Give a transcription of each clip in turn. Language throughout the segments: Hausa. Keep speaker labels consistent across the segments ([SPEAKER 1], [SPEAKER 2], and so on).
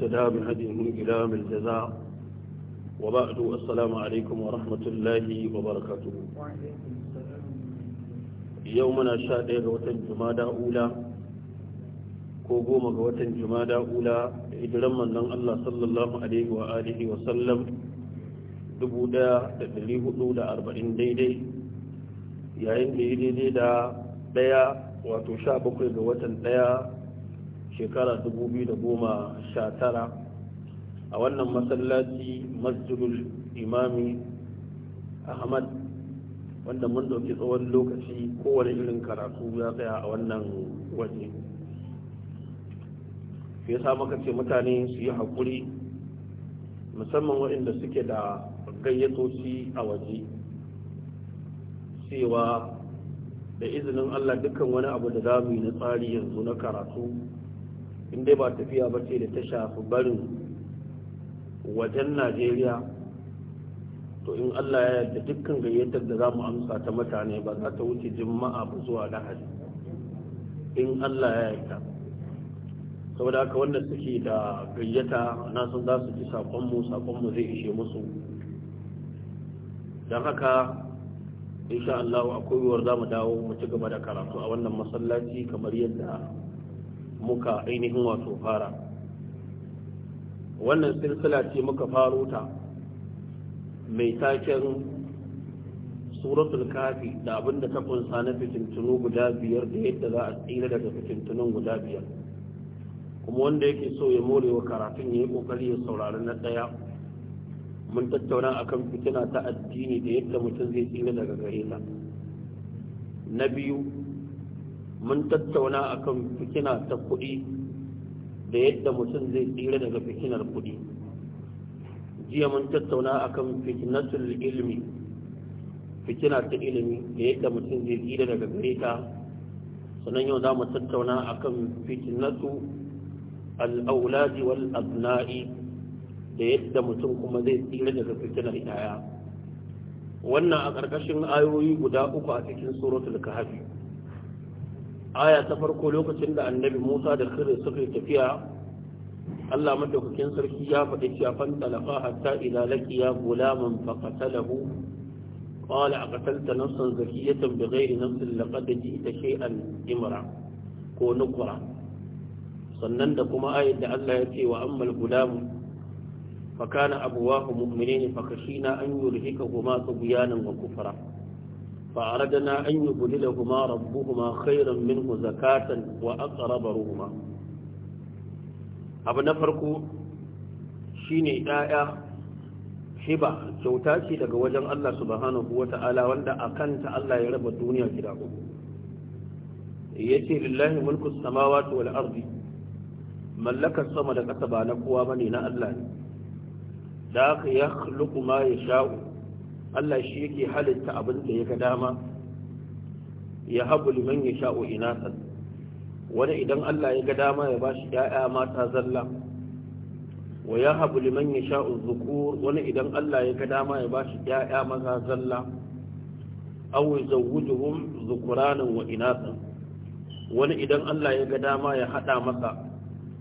[SPEAKER 1] واهتدى بهديه إلى من الجزاء وبعد السلام عليكم ورحمة الله وبركاته يومنا شاهد وتنجمع أولى ko goma ga watan jumada ula da hijiran manzon Allah sallallahu alaihi wa alihi wa sallam 1440 daidai yayin da daidai da daya wato 17 ga watan daya shekara 2019 a wannan masallaci masjidul imami ahmad wanda mun ɗauki tsawon lokaci kowane irin karatu ya tsaya a wannan waje ya sa maka ce mutane su yi haƙuri musamman waɗanda suke da gayyatoci a waje cewa da izinin allah dukkan wani abu da za mu yi na tsari yanzu na karatu in dai ba tafiya ba ce da ta shafi barin wajen najeriya to in allah ya yarda dukkan gayyatar da za mu amsa ta mutane ba za ta wuce jima'a ba zuwa lahadi in allah ya yarda saboda haka wanda suke da gayyata na sun za su ji saƙonmu saƙonmu zai ishe musu don haka insha allahu akwai yiwuwar za mu dawo mu ci gaba da karatu a wannan masallaci kamar yadda muka ainihin wato fara wannan silsila ce muka faro ta mai taken suratul kafi da abinda ta kunsa na fitintunu guda biyar da yadda za a tsira daga fitintunun guda biyar kuma wanda yake so ya more wa karatun ya yi kokari ya saurari na ɗaya mun tattauna a kan fitina ta addini da yadda mutum zai tsira daga gare ta na biyu mun tattauna akan fikina ta kuɗi da yadda mutum zai tsira daga fikinar kuɗi jiya mun tattauna akan fikinatul ilmi fikina ta ilimi da yadda mutum zai tsira daga gare ta sannan yau za mu tattauna akan fitnatu al'aulaji wal abna'i da yadda mutum kuma zai tsira daga fikinar yaya wannan a ƙarƙashin ayoyi guda uku a cikin suratul kahfi aya ta farko lokacin da annabi musa da khidir suka tafiya Allah madaukakin sarki ya faɗi cewa talafa hatta idza laqiya gulaman faqatalahu qala aqtalta nafsan zakiyatan bighayri nafsin laqad ji'ta shay'an imra ko nukra sannan da kuma ayat da Allah ya ce wa ammal gulam fa kana abuwahu mu'minin fa khashina an yurhikahuma tughyanan wa kufra da فأردنا أن يبدلهما ربهما خيرا منه زكاة وأقرب رهما abu na farko shine ɗaya hiba kyauta ce daga wajen Allah subhanahu wa ta'ala wanda a kanta Allah ya raba duniya gida uku ya ce lillahi mulku samawati wal ardi mallakar sama da ƙasa ba na kowa bane na Allah ne da aka ya khluqu ya yasha'u Allah shi yake halitta abin da ya ga dama ya habu liman ya sha'o inatan wani idan Allah ya ga dama ya bashi ‘ya'ya mata zalla wa ya habu liman ya sha'o zukur wani idan Allah ya ga dama ya bashi ‘ya'ya maza zalla awu zawujuhum zukuranin wa inatan wani idan Allah ya ga dama ya haɗa masa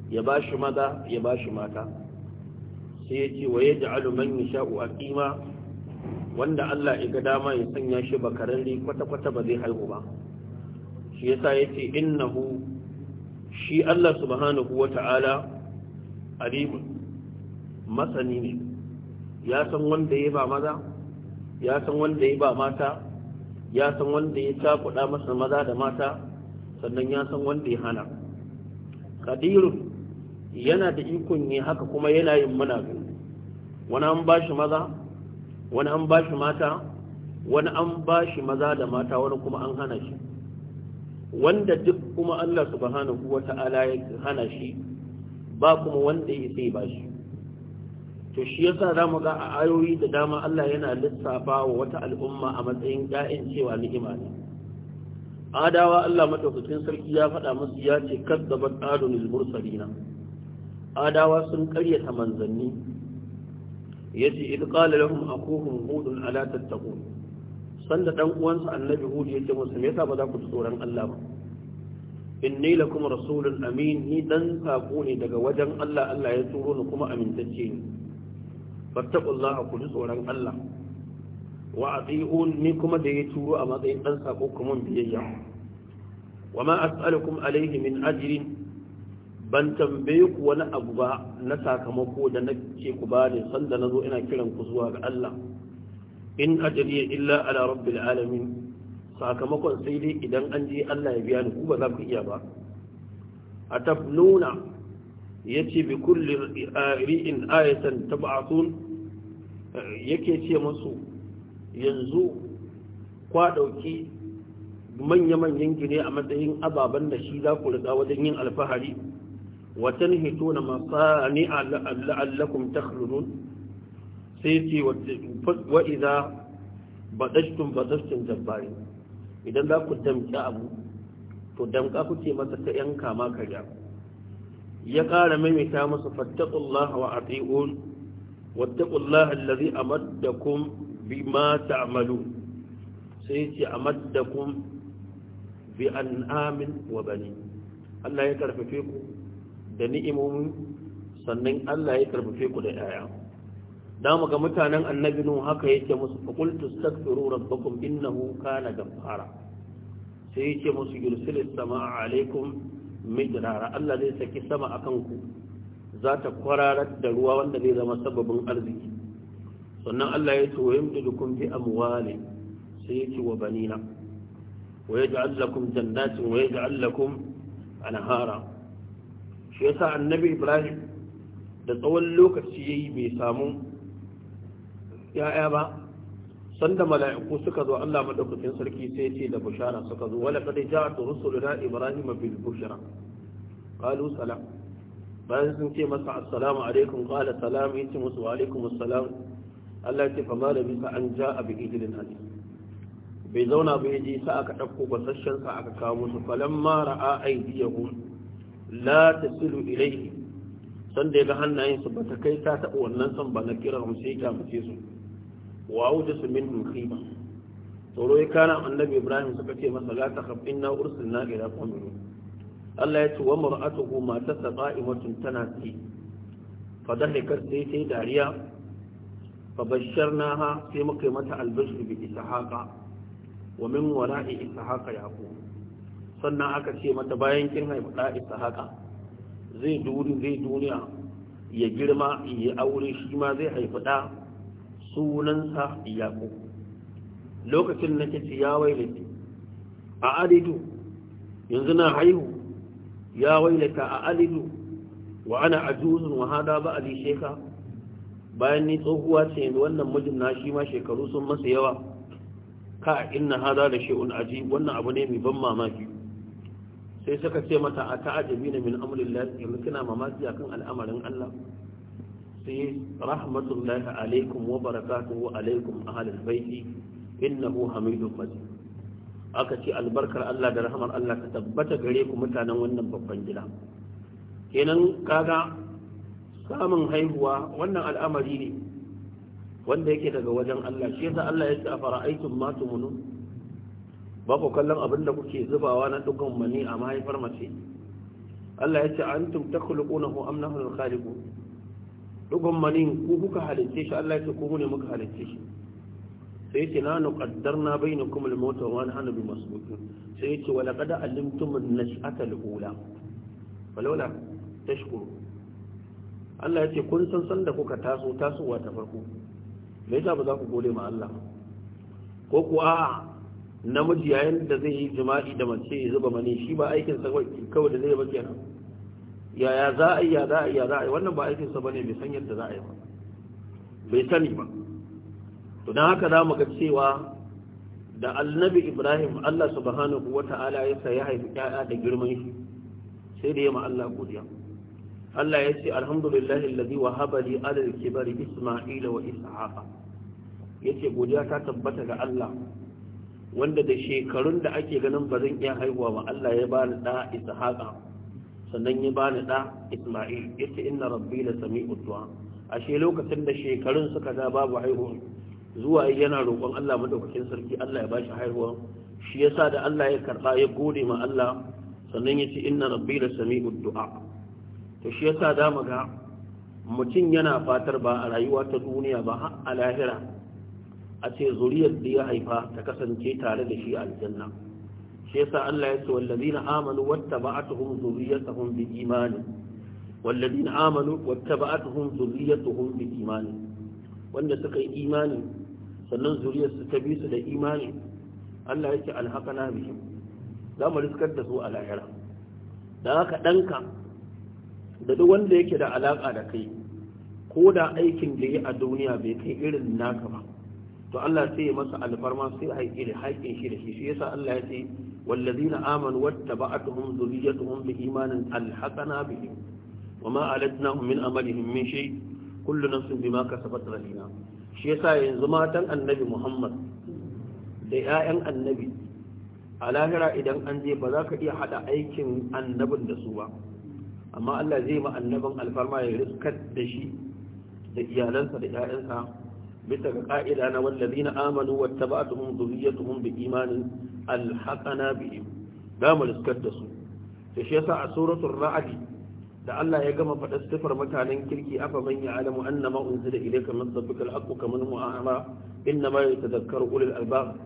[SPEAKER 1] ya bashi maza ya bashi mata sai ya ce wa ya alu man ya sha'o a ƙima wanda Allah ya ga dama ya sanya shi ri kwata-kwata ba zai haihu ba shi yasa yace innahu shi Allah subhanahu wata'ala alim masani ne ya san wanda ya ba maza ya san wanda ya ba mata ya san wanda ya cakuɗa masa maza da mata sannan ya san wanda ya hana qadirun yana da ikon yi haka kuma yana yin muna wani an ba shi maza wani an shi mata wani an shi maza da mata wani kuma an hana shi wanda duk kuma Allah subhanahu wata'ala ya hana shi ba kuma wanda ya sai ba shi to shi yasa zamu ga a ayoyi da dama Allah yana lissafa wa wata al'umma a matsayin ƴaƴan cewa ni'ima ne adawa Allah madaukakin sarki ya faɗa musu ya ce kazzabat adunil mursalina adawa sun ƙaryata manzanni yace id qala lahum akuhum hudun ala tattaqun sanda dan uwansa annabi hud yace musu me yasa ba za ku tsoron Allah ba inni lakum rasulun amin ni dan sako ne daga wajen Allah Allah ya turo ni kuma amintacce ni fattaqullaha ku tsoron Allah wa ati'un ni kuma da ya turo a matsayin dan sako kuma biyayya wa ma as'alukum alayhi min ajrin ban tambaye ku wani abu ba na sakamako da nake ku bani sanda nazo ina kiran ku zuwa ga Allah in ajali illa ala rabbil alamin sakamakon sai dai idan an je Allah ya biya ni ku ba za ku iya ba atabnuna ce bi kulli ri'in ayatan tab'athun yake ce musu yanzu kwa dauki manya-manyan gine a matsayin ababen da shi za ku riga wajen yin alfahari وتنهتون مصانع لعلكم تخلدون سيتي وإذا بدشتم بدشتم جبارين إذا لا كنت أبو to damka kuke masa ta yan kama karya ya ƙara maimaita masa fattaqullaha wa ati'un wattaqullaha allazi amaddakum bima ta'malun sai ce amaddakum bi an'amin wa bani Allah ya karfafe ku da ni'imomi sannan Allah ya karfafe ku da ɗaya da ga mutanen annabi nun haka yake musu faqul tastaghfiru rabbakum innahu kana gaffara. sai yake musu yursilis a alaikum midrara Allah zai saki sama a kanku. za ta kwararar da ruwa wanda zai zama sababin arziki sannan Allah ya ce wa yamdudukum fi amwali sai yake wa banina wa Allah lakum jannatin wa Allah lakum anhara shi yasa annabi ibrahim da tsawon lokaci ya yi bai samu ya'ya ba sanda mala'iku suka zo Allah madaukakin sarki sai ce da bushara suka zo wala kad ja'at rusuluna ibrahim bil bushara qalu salam bayan sun ce masa assalamu alaikum qala salam yace musu wa alaikum assalam Allah ya ce fa mala bisa an ja'a bi ijlin hadi bai zauna ba ji sa aka dauko basasshen sa aka kawo musu falamma ra'a aidiyahu la tasilu ilayhi san da yaga hannayensu, ba bata kai ta taɓa wannan san ba na kira mu sai ka mace su wa wuce su min ba? tsoro ya kana annabi ibrahim suka ce masa la ta na inna ursilna ila qaumin Allah ya ce wa mar'atuhu ma tasqa'imatun tana ci fa dahikar sai sai dariya fa basharnaha sai muka mata albashir bi haka. wa min wara'i ishaqa yaqub sannan aka ce mata bayan kin haifi da haka zai duri zai duniya ya girma ya aure shi ma zai haifi da sunansa yaƙo lokacin na ce ya wailata a alidu yanzu na haihu ya wailata a alidu wa ana ajuzun wa hada ba ali sheka bayan ni tsohuwa ce wannan mijin na shi ma shekaru sun masa yawa ka inna hada da shi'un aji wannan abu ne mai ban mamaki sai suka ce mata a ta'ajabi na min amurillahi yanzu kina mamaki akan al'amarin Allah sai rahmatullahi alaikum wa barakatuhu alaikum ahlul baiti innahu hamidun majid aka ce albarkar Allah da rahmar Allah ta tabbata gare ku mutanen wannan babban gida kenan kaga samun haihuwa wannan al'amari ne wanda yake daga wajen Allah shi yasa Allah ya ce a aikin ma tumunun ba ku kallon abin da kuke zubawa na dukan mani a mahaifar mace Allah ya ce an antum takhluqunahu am nahnu al-khaliqun dukan mani ku kuka halice shi Allah ya ce ku ne muka halice shi sai yace na nu qaddarna bainakum al-maut wa nahnu bi masbuqin sai yace wa laqad alimtum an-nash'ata al-ula falawla tashkuru Allah ya ce kun san san da kuka taso tasowa ta farko me yasa ba za ku gode ma Allah ko ku a'a namiji yayin da zai yi jima'i da mace ya zuba mani shi ba aikin sa kawai da zai ba kenan yaya za a yi ya za a yi ya za a yi wannan ba aikin sa bane bai san yadda za a yi ba bai sani ba to dan haka za mu ga cewa da annabi Ibrahim Allah subhanahu wata'ala ya sa ya haifi ƴaƴa da girman shi sai da yamma Allah godiya Allah ya ce alhamdulillahi alladhi wahaba li ala al-kibari Isma'ila wa Ishaqa yace godiya ta tabbata ga Allah wanda da shekarun da ake ganin ba zan iya haihuwa ba Allah ya bani da Ishaqa sannan ya bani da Isma'il yace inna rabbi la sami'u du'a ashe lokacin da shekarun suka da babu haihuwa zuwa yana roƙon Allah madaukakin sarki Allah ya bashi haihuwa shi yasa da Allah ya karba ya gode ma Allah sannan yace inna rabbi la sami'u du'a to shi yasa da muga mutum yana fatar ba a rayuwa ta duniya ba har a lahira a ce zuriyar da ya haifa ta kasance tare da shi aljanna shi yasa Allah ya ce wallazina amanu wattaba'atuhum zurriyyatuhum bi imani wallazina amanu wattaba'atuhum zurriyyatuhum bi imani wanda suka yi imani sannan zuriyar su ta bi su da imani Allah ya ce alhaqana bihim za mu riskar da su a lahira da haka danka da duk wanda yake da alaka da kai ko da aikin da yi a duniya bai kai irin naka ba to Allah sai ya masa alfarma sai a da haƙin shi da shi shi yasa Allah ya ce wallazina amanu wattaba'atuhum dhurriyyatuhum biimanin alhaqana bihim wama alatnahum min amalihim min shay kullu nafsin bima kasabat rahina shi yasa yanzu matan annabi Muhammad da 'ya'yan annabi a lahira idan an je ba za ka iya hada aikin annabin da su ba amma Allah zai ma annabin alfarma ya riskar da shi da iyalansa da 'ya'yansa bisa ga ka'ida na wallazina amanu wattaba'atuhum dhurriyyatuhum biimanin alhaqana bihim da mu riskar da su to shi yasa a suratul ra'd da Allah ya gama faɗa sifar mutanen kirki afa man ya'lamu annama unzila ilayka min rabbika alhaqqu kaman huwa a'ma innama yatadhakkaru ulul albab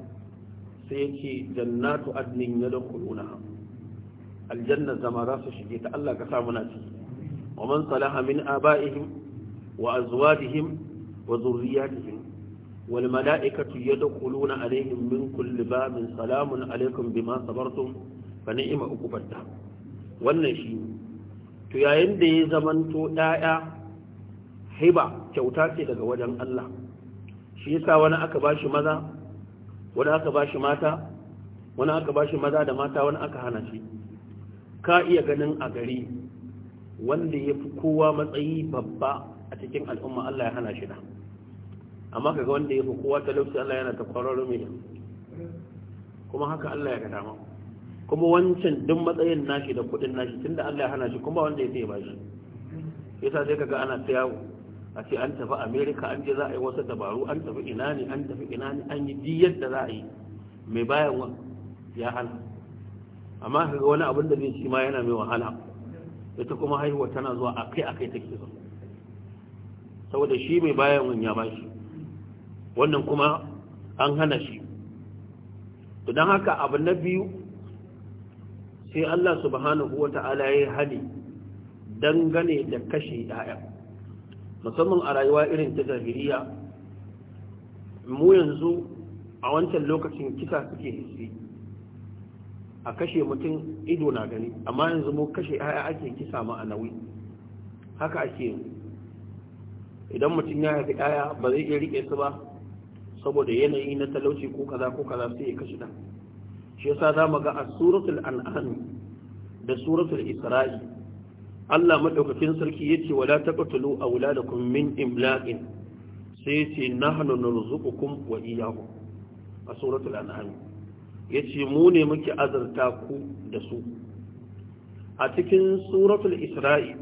[SPEAKER 1] sai yace jannatu adnin yadkhulunaha aljanna zama za su shige ta Allah ka sa muna ciki wa man ومن صلح من آبائهم وأزواجهم وذرياتهم والملائكة يدخلون عليهم من كل باب سلام عليكم بما صبرتم فنعم عقبى الدار wannan shi to yayin da ya zamanto ɗaya hiba kyauta ce daga wajen Allah shi yasa wani aka bashi maza wani aka bashi mata wani aka bashi maza da mata wani aka hana shi ka iya ganin a gari wanda ya fi kowa matsayi babba a cikin al'umma Allah ya hana shi da amma kaga wanda ya fi kowa talauci Allah yana ta kwararo mai kuma haka Allah ya gada ma kuma wancan duk matsayin nashi da kudin nashi tunda Allah ya hana shi kuma wanda ya sai ba shi yasa sai kaga ana ta yawo a ce an tafi America an je za a yi wasu dabaru an tafi ina ne an tafi ina ne an yi diyar da za a yi mai bayan ya hana amma kaga wani abin da bai ci ma yana mai wahala ita kuma haihuwa tana zuwa akai akai take zuwa saboda shi mai bayan ya ba shi wannan kuma an hana shi don haka abu na biyu sai Allah subhanahu wa ta'ala ya hali dangane da kashe ɗaya musamman a rayuwa irin ta zahiriya mu yanzu a wancan lokacin kisa suke hissi a kashe mutum ido na gani amma yanzu mu kashe ‘ya'ya ake kisa ma'anawi haka ake yanzu idan mutum ya haifi ɗaya ba zai iya riƙe su ba saboda yanayi na talauci ko kaza ko kaza sai ya kashi ɗan shi yasa za mu ga a suratul an'am da suratul isra'i Allah madaukakin sarki yace wala taqtulu awladakum min imlaqin sai yace nahnu narzuqukum wa iyyahum a suratul an'am yace mu ne muke azurta ku da su a cikin suratul isra'i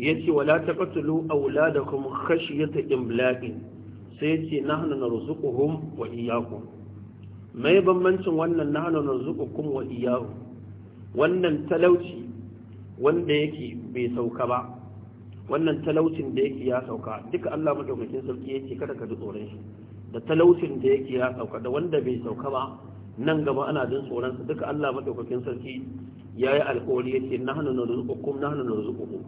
[SPEAKER 1] Ya ce, wala taqtulu auladakum khashyata imlaqin sai yace nahnu narzuquhum wa iyyakum mai bambancin wannan nahnu narzuqukum wa iyyahum wannan talauci wanda yake bai sauka ba wannan talaucin da yake ya sauka duka Allah madaukakin sarki yake kada ka ji tsoron shi da talaucin da yake ya sauka da wanda bai sauka ba nan gaba ana jin tsoron duka Allah madaukakin sarki yi alƙawari yake nahnu na nahnu narzuqukum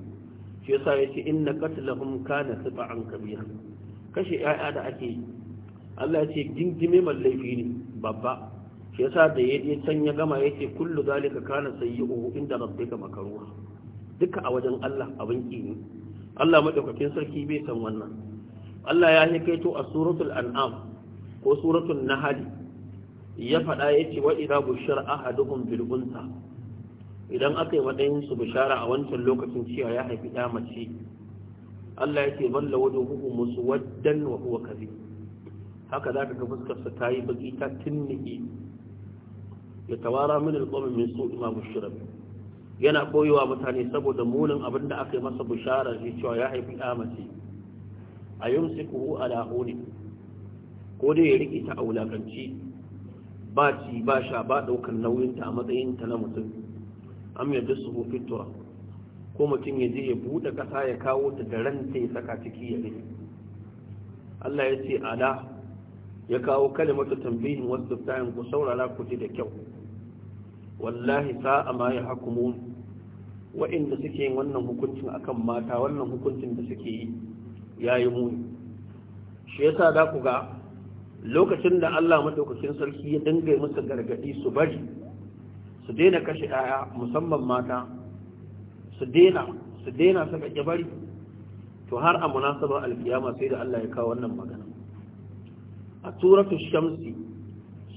[SPEAKER 1] shi yasa yace inna qatlahum kana sab'an kabira kashe yaya da ake yi Allah ya ce gingime laifi ne babba shi yasa da ya can ya gama yace kullu zalika kana sayyi'u inda rabbika makaruha duka a wajen Allah abin ki ne Allah madaukakin sarki bai san wannan Allah ya hikaito a suratul an'am ko suratul nahl ya faɗa yace wa idha bushira ahaduhum bil unsa idan aka yi matsayin su bishara a wancan lokacin cewa ya haifi ɗa mace Allah ya ce, balla wajen huku musu waddan wa huwa haka za ka ga fuskarsa ta yi baki ta tunniki. ya tawara min alƙawmin min so imamu shirin yana koyowa mutane saboda munin abin da aka yi masa bishara shi cewa ya haifi ɗa mace a a ala huni ko dai ya riƙe ta a wulakanci ba ci ba sha ba ɗaukar nauyinta a matsayinta na mutum am ya dasu fi turab ko mutum ya je ya buɗe ƙasa ya kawo ta da ta ya saka ciki ya rufe Allah ya ce ala ya kawo kalimatu tambihin wasu tayin ku saurara ku ji da kyau wallahi sa'a ma ya hakumu wa'inda suke yin wannan hukuncin akan mata wannan hukuncin da suke yi ya yi muni shi yasa da ku ga lokacin da Allah madaukakin sarki ya dinga masa gargadi su bari su daina kashe yaya musamman mata su daina su daina saka bari, to har a munasabar alkiyama sai da Allah ya kawo wannan magana a suratu shamsi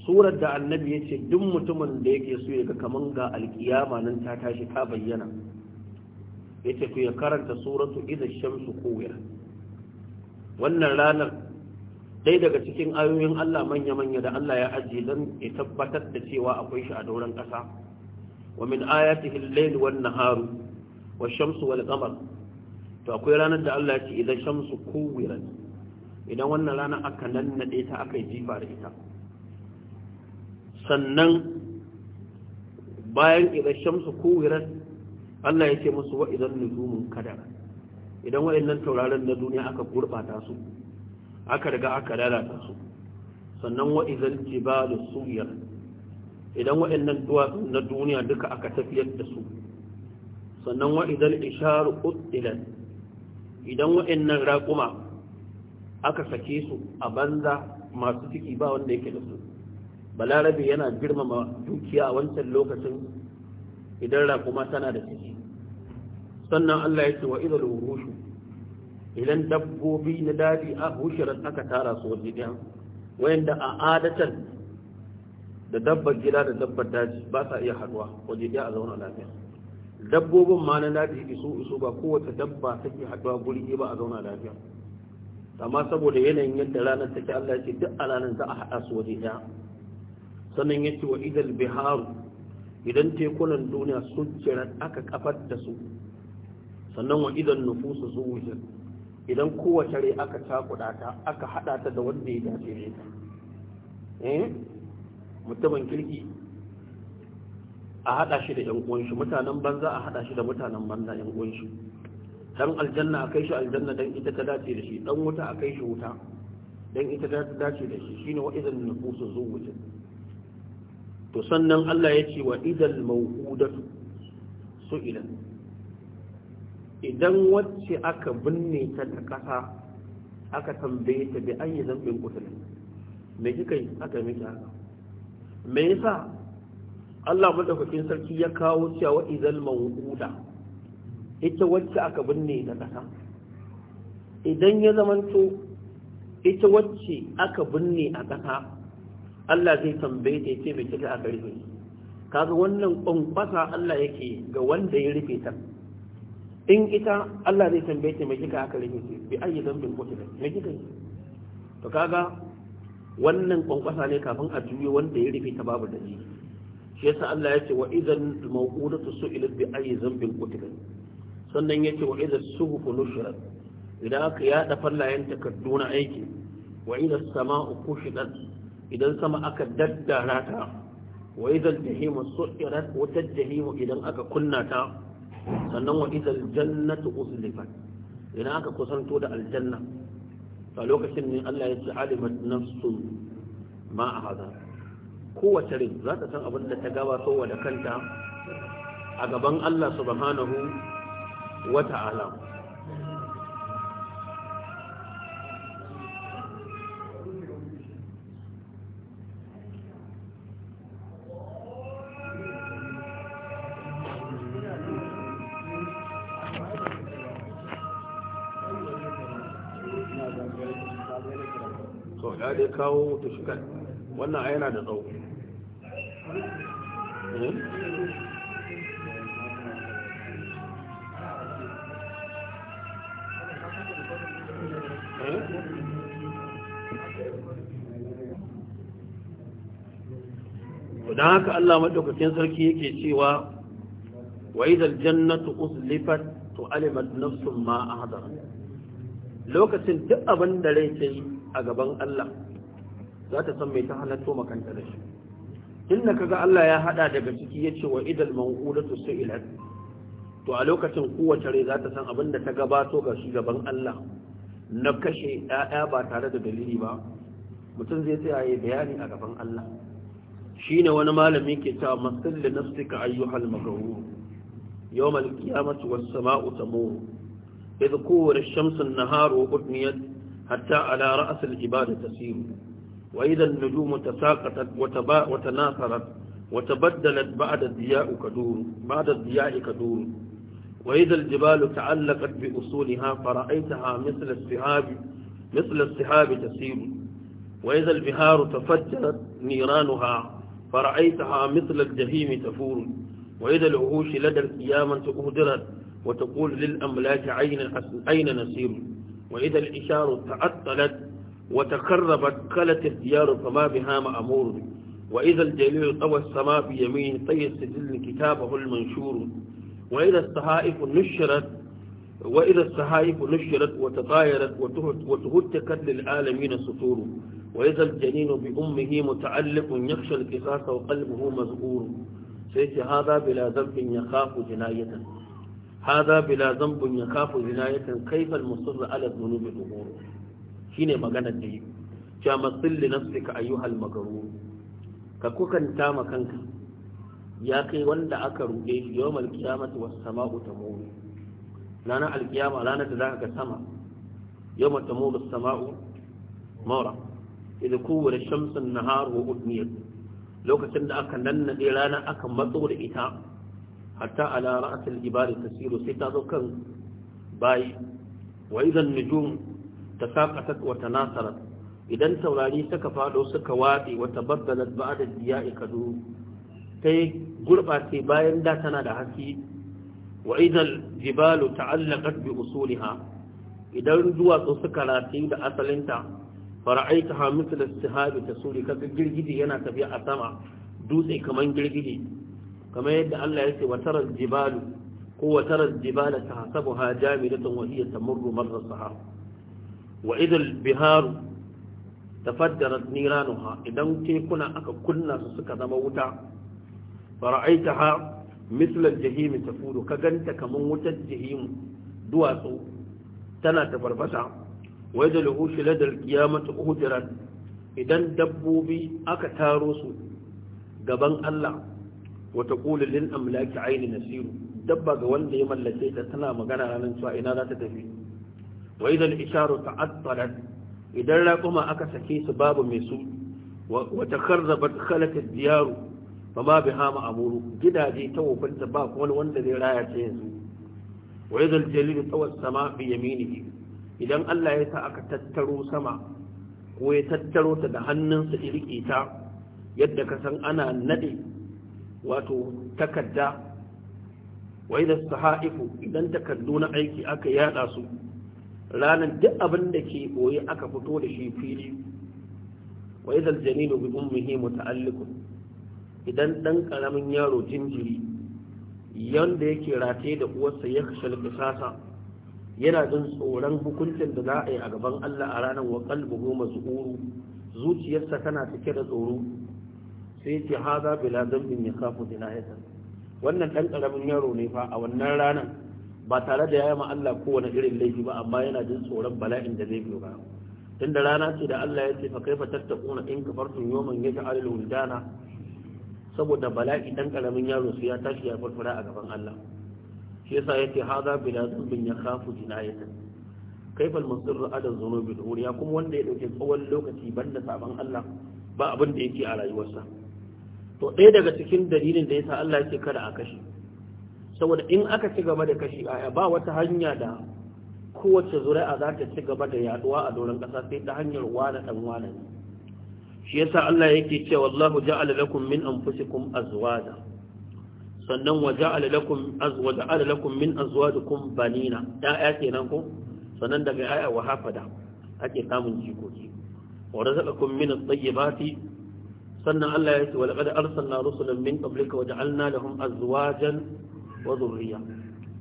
[SPEAKER 1] surar da annabi ya ce duk mutumin da yake so ya ga kaman ga alkiyama nan ta tashi ta bayyana ya ce ku ya karanta suratu idan shamsu kowiyar wannan ranar dai daga cikin ayoyin Allah manya-manya da Allah ya ajiye don ya tabbatar da cewa akwai shi a doron ƙasa wa min ayatihi al-layl wan naharu wash-shamsu wal qamar to akwai ranar da Allah ya ce idan shamsu kuwirat idan wannan rana aka nannade ta aka jifa da ita sannan bayan idan shamsu kuwirat Allah ya ce musu wa idan nujumun kadara idan waɗannan tauraron na duniya aka gurbata su aka riga aka lalata su sannan wa'izan jibalu suyar idan wa'annan duwatsu na duniya duka aka tafiyar da su sannan wa'izan isharu ƙudilan idan wa'annan raƙuma aka sake su a banza masu ciki ba wanda yake da su balarabe yana girmama dukiya a wancan lokacin idan raƙuma tana da ciki sannan allah ya ce wa izal wurushu idan dabbobi na dadi a hushirar aka tara su waje ɗaya wayanda a adatar da dabbar gida da dabbar daji ba sa iya haɗuwa waje ɗaya a zauna lafiya dabbobin ma na dadi iso iso ba kowace dabba take haɗuwa guri ba a zauna lafiya amma saboda yanayin yadda ranar take Allah ya ce duk a ranar za a haɗa su waje ɗaya sannan ya ce wa idal biharu idan tekunan duniya sun jira aka kafar da su sannan wa idan nufusu su wujen idan kowace rai aka cakuɗa ta aka haɗa ta da wanda ya dace da ita eh? mutumin kirki a haɗa shi da ‘yan uwanshi mutanen banza a haɗa shi da mutanen banza ‘yan uwanshi dan aljanna a kai shi aljanna dan ita ta dace da shi dan wuta a kai shi wuta dan ita ta dace da shi shine wa idan nufusu zuwuta to sannan Allah ya ce wa idal mawhudatu su'ilan idan wacce aka binne ta da ƙasa aka tambaye ta bi an yi zambin kusurin me kika yi aka miki haka me yasa Allah madaukakin sarki ya kawo cewa idan mawuda ita wacce aka binne ta ƙasa idan ya zamanto ita wacce aka binne a ƙasa Allah zai tambaye ta ce mai kika aka rufe kaga wannan kwankwasa Allah yake ga wanda ya rufe ta in ita Allah zai tambaye ta mai kika aka rike bi ayi bin kotila mai kika yi to kaga wannan kwankwasa ne kafin a juyo wanda ya rufe ta babu dani shi yasa Allah ya ce wa idan mawqudatu su'ilat bi ayi zambin kotila sannan ya ce wa idan suhufu nushrat idan aka yada fallayen takaddu na aiki wa idan sama'u kushidat idan sama aka daddara ta wa idan jahimu su'irat wa tajhimu idan aka kunna ta sannan wa idan jannatu uzlifat idan aka kusanto da aljanna a lokacin ne Allah ya ce alimat nafsu ma ahada kowace rin za ta san abin da ta wa da kanta a gaban Allah subhanahu wa ta'ala kawo wannan a yana da tsawo eh? don haka Allah maɗaukakin sarki yake cewa wa idal jannatu uslifat to alimat nafsun ma ahdara lokacin duk abin da rai ta a gaban Allah za ta san mai ta halatto makanta da shi tunda kaga Allah ya hada daga ciki ce wa idal mawqudatu su'ilat to a lokacin kowace rai za ta san abin da ta gabato ga gaban Allah na kashe ɗaya ba tare da dalili ba mutum zai tsaya ya bayani a gaban Allah shine wani malami ke cewa masal da nafsika ayyuhal maghru yawm al-qiyamati was sama'u tamur idh kuwara ash-shamsu an-naharu wa hatta ala ra's al-jibali tasiru وإذا النجوم تساقطت وتبا وتناثرت وتبدلت بعد الضياء كدور بعد الضياء كدور وإذا الجبال تعلقت بأصولها فرأيتها مثل السحاب مثل السحاب تسير وإذا البهار تفجرت نيرانها فرأيتها مثل الجحيم تفور وإذا الوحوش لدى القيامة أهدرت وتقول للأملاك أين أين نسير وإذا الإشار تعطلت وتقربت كلت الديار فما بها مأمور وإذا الجليل طوى السماء بيمينه طي السجل كتابه المنشور وإذا الصحائف نشرت وإذا الصحائف نشرت وتطايرت وتهتكت للعالمين سطور وإذا الجنين بأمه متعلق يخشى القصاص وقلبه مذكور سيتي هذا بلا ذنب يخاف جناية هذا بلا ذنب يخاف جناية كيف المصر على الذنوب الأمور shine maganar da yi cewa masil na nafsika ayyuhal magarur ka kukanta ma kanka ya kai wanda aka ruɗe shi yau mal kiyamati was sama'u tamur ranar alkiyama ranar da zaka ga sama yau mata tamur sama'u mawra idan kowane na nahar wa udniyat lokacin da aka nannaɗe rana aka matso da ita hatta ala ra'atul ibadi tasiru sai ta zo kan bayi wa idan nujum ta saƙatat wa ta nasarat idan taurari suka fado suka watsi wata babbalat ba da diya ikadu ta yi gurɓace bayan da tana da haske wa idan jibalu ta'allaqat bi usuliha idan duwatsu suka rati da asalinta fara'aita ha misal istihabi tasuri kaga girgije yana tafiya a sama dutse kamar girgije kamar yadda Allah ya ce wa taral jibalu ko wa taral jibala tahsabuha jamidatan wa hiya tamurru marra sahab wa idul biharu tafaddarat niranuha idan tekuna aka kunna su suka zama wuta fara'aitaha mislal ta fudu ka ganta kaman wutar jahim duwatsu tana tafarfasa wa idul hushiladal qiyamatu uhdirat idan dabbobi aka taro su gaban Allah wata kulin amlaki aini nasiru dabba ga wanda ya mallake ta tana magana ranar cewa ina za ta tafi wa idan isharu ta'attalat idan raƙuma aka saki su babu mai su wa takarzabat khalatat diyaru fa ma biha ma'muru gidaje ta wofanta ba kuma wanda zai raya ta yanzu wa idan jalil tawas sama bi yaminihi idan Allah ya sa aka tattaro sama ko ya tattaro ta da hannunsa irki ta yadda ka san ana nade wato takadda wa idan sahaifu idan takaddu na aiki aka yada su ranar duk abin da ke boye aka fito da shi fili wa idal da gudun muhe muta'alliqun idan ɗan ƙaramin yaro jinjiri yanda yake rataye da uwarsa ya kashal kisasa yana jin tsoron hukuncin da za a yi a gaban Allah a ranar wa qalbuhu uru, zuciyarsa tana cike da tsoro sai ce haza bila zambin ya kafu dinayatan wannan ɗan ƙaramin yaro ne fa a wannan ranar ba tare da ya ma Allah kowane irin laifi ba amma yana jin tsoron bala'in da zai biyo ba tunda rana ce da Allah ya ce fa kaifa tattaquna in kafartum yawman yaj'al al-wuldana saboda bala'i dan karamin yaro su ya tashi ya farfara a gaban Allah shi yasa yake hada bila zunbin ya khafu jinayatan kaifa al-musirr ala dhunubi al kuma wanda ya dauke tsawon lokaci banda saban Allah ba abin da yake a rayuwarsa to ɗaya daga cikin dalilin da yasa Allah yake kada a kashe saboda in aka ci gaba da kashi aya ba wata hanya da kowace zuri'a za ta ci gaba da yaduwa a doron ƙasa sai ta hanyar wani ɗan wani shi yasa Allah yake ce wallahu ja'ala lakum min anfusikum azwaja sannan wa ja'ala lakum azwaja ja'ala lakum min azwajikum banina ya'ya kenan ko sannan daga ya'ya wa hafada ake samun jikoki wa razaqakum min at-tayyibati sannan Allah ya ce wa laqad arsalna rusulan min qablika wa ja'alna lahum azwajan wa zurriya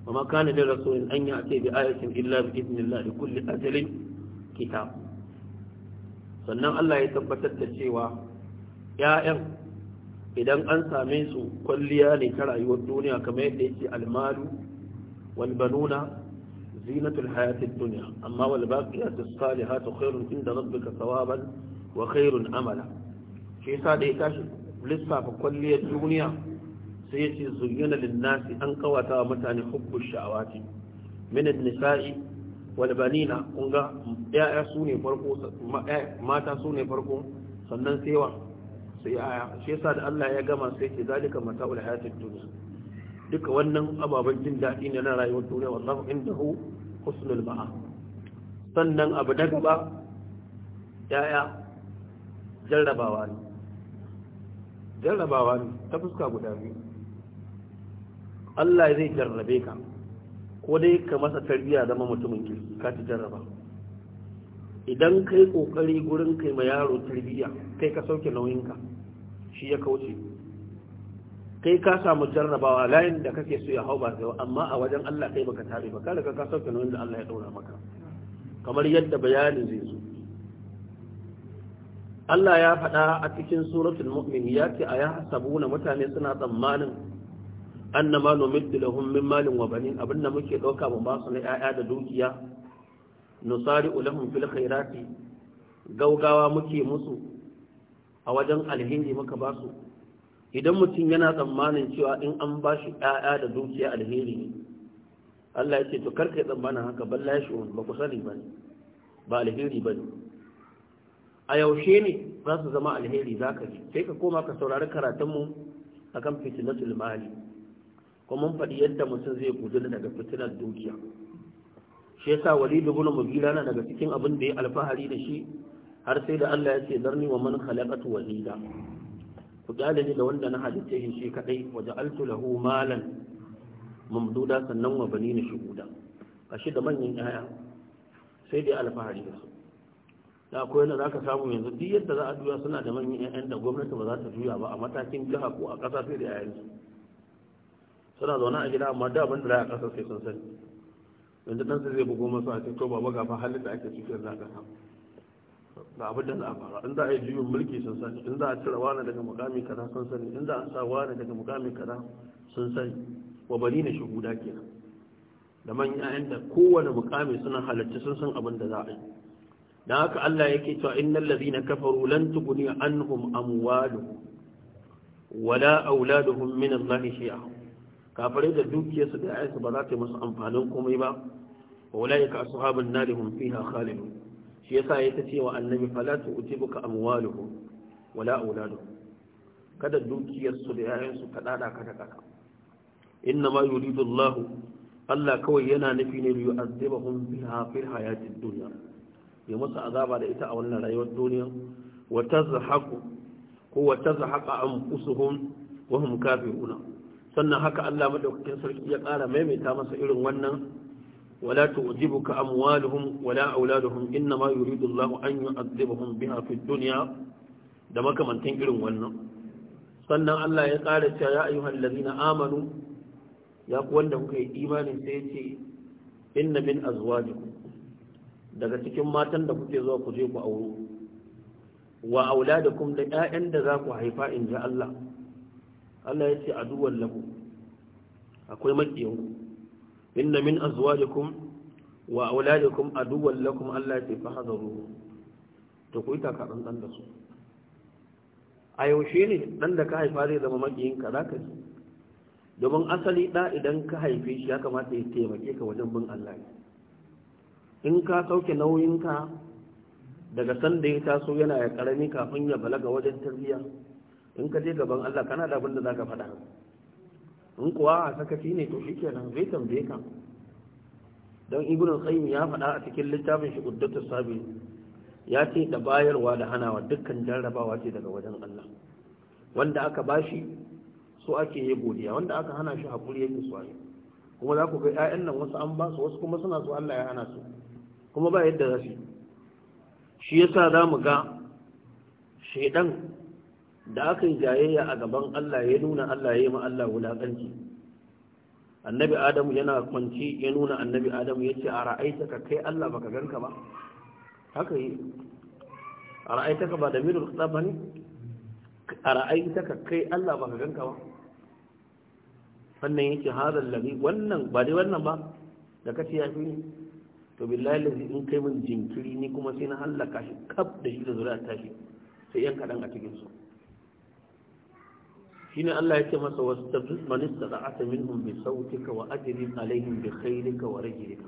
[SPEAKER 1] وما كان لرسول أن يأتي بآية إلا بإذن الله لكل أجل كتاب sannan Allah ya tabbatar da cewa ‘ya'yan idan an same su kwalliya ne ta rayuwar duniya kamar yadda yake almalu walbanuna zinatul hayatid duniya amma walbaqiyatu salihatu khairun inda rabbika thawaban wa khairun amala shi yasa da ya tashi lissafa kwalliyar duniya sai ya ce zuyyana linnasi an kawata wa mutane hubbu sha'awati min nisa'i wal banina kun ga ya'ya su ne farko mata su ne farko sannan sai wa sai aya shi yasa da Allah ya gama sai ce zalika mata'ul hayatid dunya duka wannan ababen jin daɗi ne na rayuwar duniya wallahu indahu husnul ma'a sannan abu da gaba ya'ya jarrabawa ne jarrabawa ne ta fuska guda biyu Allah zai jarrabe ka ko dai ka masa tarbiyya zama mutumin kirki ka ta jarraba idan kai kokari gurin kai ma yaro tarbiyya kai ka sauke nauyinka shi ya kauce kai ka samu jarrabawa layin da kake so ya hau ba sai amma a wajen Allah kai baka tare ba ka ka sauke nauyin da Allah ya daura maka kamar yadda bayani zai zo Allah ya faɗa a cikin suratul mu'min ya ce a ya mutane suna tsammanin annama numiddu lahum min malin wa banin abinda muke dauka mu ba su na yaya da dukiya nusari lahum fil khairati gaugawa muke musu a wajen alheri muka ba su idan mutum yana tsammanin cewa in an ba shi yaya da dukiya alheri ne Allah ya ce to karka tsammanin haka balla ya shi ba ku sani ba ba alheri ba ne a yaushe ne za su zama alheri za ka ji sai ka koma ka saurari karatunmu mu akan fitinatul mali kuma mun faɗi yadda mutum zai gudana daga fitinar dukiya shi yasa walidu bin mugila na daga cikin abin da ya alfahari da shi har sai da Allah ya ce zarni wa man khalaqatu wahida ku kyale ni da wanda na halitta shi shi kadai wa ja'altu lahu malan mamduda sannan wa bani na shuhuda kashi da manyan yaya sai da alfahari da su da akwai yana za ka samu yanzu duk yadda za a juya suna da manyan yayan da gwamnati ba za ta juya ba a matakin jiha ko a ƙasa sai da yayansu suna zaune a gida amma da abin da za a ƙasa sai sun sani yanzu ɗansa zai bugo masu a cikin baba ga halin da ake cikin za ka samu ga abin da za a fara in za a yi juyin mulki sun sani in za a cire wani daga mukami kaza sun sani in za a sa wani daga mukami kaza sun sani wa bari na shuhuda kenan da manyan da kowane mukami suna halarci sun san abin da za a yi dan haka Allah yake cewa innal ladhina kafaru lan tughni anhum amwaluhum wala auladuhum min Allah shay'a kafare da dukiyarsu da ayyansu ba za ta yi musu amfanin komai ba wa wula'i ka ashabun nari hum fiha khalidun shi yasa ya ta ce wa annabi fala tu'tibuka amwaluhum wala auladuhum kada dukiyarsu da 'ya'yansu ta ka kada kada inna ma yuridu Allah Allah kawai yana nufi ne biyu azabahum fiha fil hayatid dunya ya musu azaba da ita a wannan rayuwar duniya wa tazhaqu ko wa tazhaqa anfusuhum wa hum una. sannan haka Allah madaukakin sarki ya ƙara maimaita masa irin wannan wala tu'jibuka amwaluhum wala auladuhum inna ma yuridu Allah an yu'adhibahum biha fid dunya da makamantan irin wannan sannan Allah ya ƙara cewa ya ayyuhal ladina amanu ya ku wanda kuka yi imani sai ce inna min azwajikum daga cikin matan da kuke zuwa ku je ku auro wa auladakum da ƴaƴan da za ku haifa in ji Allah Allah ya ce a duwan lagu. akwai makiyanku inna min azwajikum wa auladikum aduwwan lakum Allah ya ce fa hadaru to ku ita takarar ɗan da su a yaushe ne dan da ka haifa zai zama za ka ji domin asali ɗa idan ka haife shi ya kamata ya taimake ka wajen bin Allah in ka sauke nauyinka daga sanda ya taso yana ya ƙarami kafin ya balaga wajen tarbiyya in ka je gaban Allah kana da abin da zaka faɗa in kuwa a sakaci ne to shikenan zai tambaye ka dan ibnu qayyim ya faɗa a cikin littafin shi uddatu sabi ya ce da bayarwa da hanawa dukkan jarrabawa ce daga wajen Allah wanda aka bashi so ake yi godiya wanda aka hana shi hakuri yake so kuma za ku ga ƴaƴan nan wasu an ba su wasu kuma suna so Allah ya hana su kuma ba yadda za su shi yasa za mu ga shaidan da aka yi jayayya a gaban Allah ya nuna Allah ya yi ma Allah wulaƙanci annabi adamu yana kwanci ya nuna annabi adamu ya ce a ra'aitaka kai Allah baka ganka ba haka yi a ra'aitaka ba da mirul kasa ba ne a ra'aitaka kai Allah baka ganka ba wannan yake hadal labi wannan ba dai wannan ba da ce ya fi ne? to billahi lazi in kai min jinkiri ni kuma sai na hallaka shi kaf da shi da zuriya tashi sai yan kaɗan a cikin su shine Allah yake masa wastabdil man istata'ata minhum bi sautika wa ajrim alaihim bi khairika wa rajulika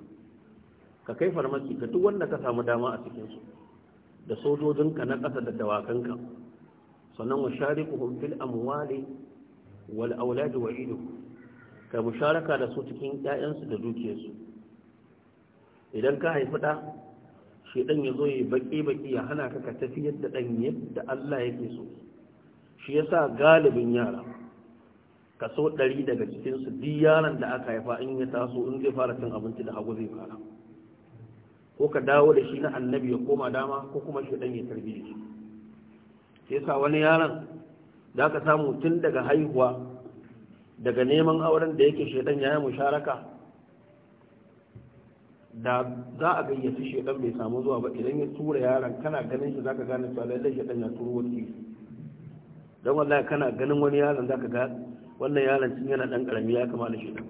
[SPEAKER 1] ka kai farmaki ka duk wanda ka samu dama a cikin su da sojojinka na ƙasa da dawakanka sannan wa shariquhum fil amwali wal Auladi wa iluhum ka musharaka da su cikin ƴaƴansu da dukiyarsu idan ka haifi ɗa shi ɗan ya zo ya baƙi baƙi ya hana ka ka tafiyar da ɗan yadda Allah yake so shi yasa galibin yara kaso ɗari daga cikinsu duk yaran da aka haifa in ya taso in zai fara cin abinci da hagu zai fara ko ka dawo da shi na annabi ya koma dama ko kuma shi ɗan ya tarbi shi sai sa wani yaran da aka samu tun daga haihuwa daga neman auren da yake shaidan ya yi musharaka da za a gayyaci shaidan bai samu zuwa ba idan ya tura yaron kana ganin shi zaka gane cewa lallai shaidan ya turo wakili don wallahi kana ganin wani yaron za ka ga wannan yaron cin yana ɗan ƙarami ya kama da shaidan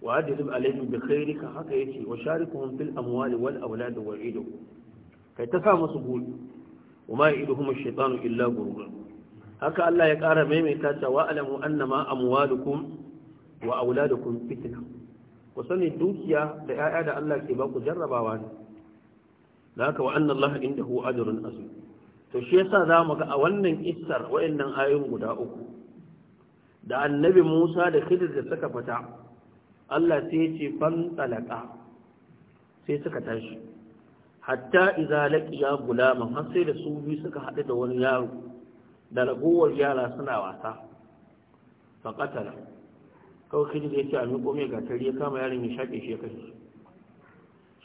[SPEAKER 1] wa adilib alaihim bi khairika haka yace wa sharikuhum fil amwali wal awlad wa idu kai ta sa musu buri wa ma iduhum ash-shaytanu illa ghurura haka Allah ya ƙara maimaita ta wa alamu annama amwalukum wa auladukum fitna ku sani dukiya da 'ya'ya da Allah ke ba ku jarrabawa ne da haka wa anna Allah indahu ajrun azim to shi yasa za mu ga a wannan istar wayannan ayoyin guda uku da annabi Musa da Khidir da suka fita Allah sai ya ce fan talaka sai suka tashi hatta idza laqiya gulaman har sai da su biyu suka haɗu da wani yaro da ragowar yara suna wasa fa qatala kawai Khidir ya ce a miƙo mai gatari ya kama yaron ya shaƙe shi ya kashe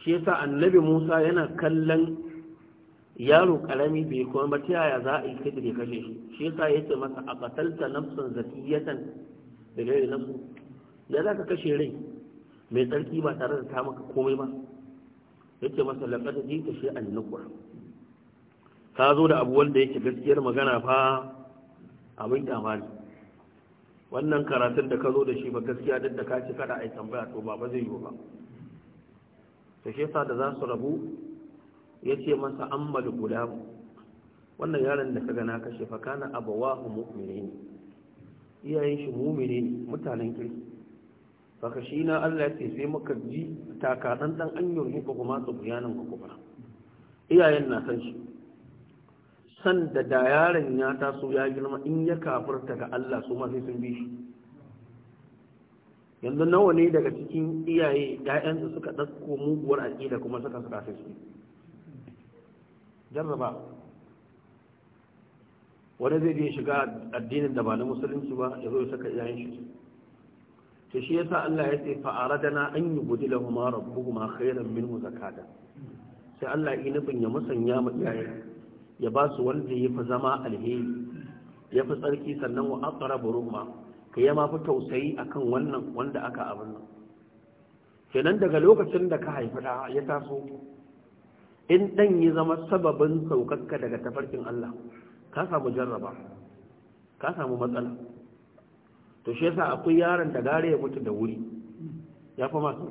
[SPEAKER 1] shi yasa annabi Musa yana kallon yaro karami bai kuma ba ta yaya za a yi kai da kashe shi shi yasa ya ce masa a qatalta nafsan zakiyatan da da nafsu da za ka kashe rai mai tsarki ba tare da ta maka komai ba ya ce masa ta shi an nukwa Ta zo da abu wanda yake gaskiyar magana fa abin kyama wannan karatun da ka zo da shi ba gaskiya duk da ka ci kada a yi tambaya to ba ba zai yi ba ta shi yasa da za su rabu ya ce masa guda gulam wannan yaron da kaga na kashe fakana kana abawahu mu'minin iyayen shi mu'mini ne mutanen kirki shi na Allah ce sai muka ji takadan dan an yi ko kuma tsubiyanin ku kuma iyayen na san shi san da da yaron ya taso ya girma in ya kafirta ga Allah su ma sai sun bi shi yanzu nawa ne daga cikin iyaye 'ya'yansu suka ɗauko muguwar aƙida kuma suka suka sai su jarraba wani zai biya shiga addinin da ba na musulunci ba ya zo ya saka iyayen shi to shi yasa Allah ya ce fa aradana an yi gudi lahu ma rabbuhuma khairan min zakata sai Allah yi nufin ya musanya ma iyaye ya ba su wanda ya fi zama alheri ya fi tsarki sannan wa aqrabu ruhma kai ya ma fi tausayi akan wannan wanda aka abin nan kenan daga lokacin da ka haifi ya taso in ɗan ya zama sababin saukakka daga tafarkin Allah ka samu jarraba ka samu matsala to shi yasa akwai yaron da gare ya mutu da wuri ya fi masu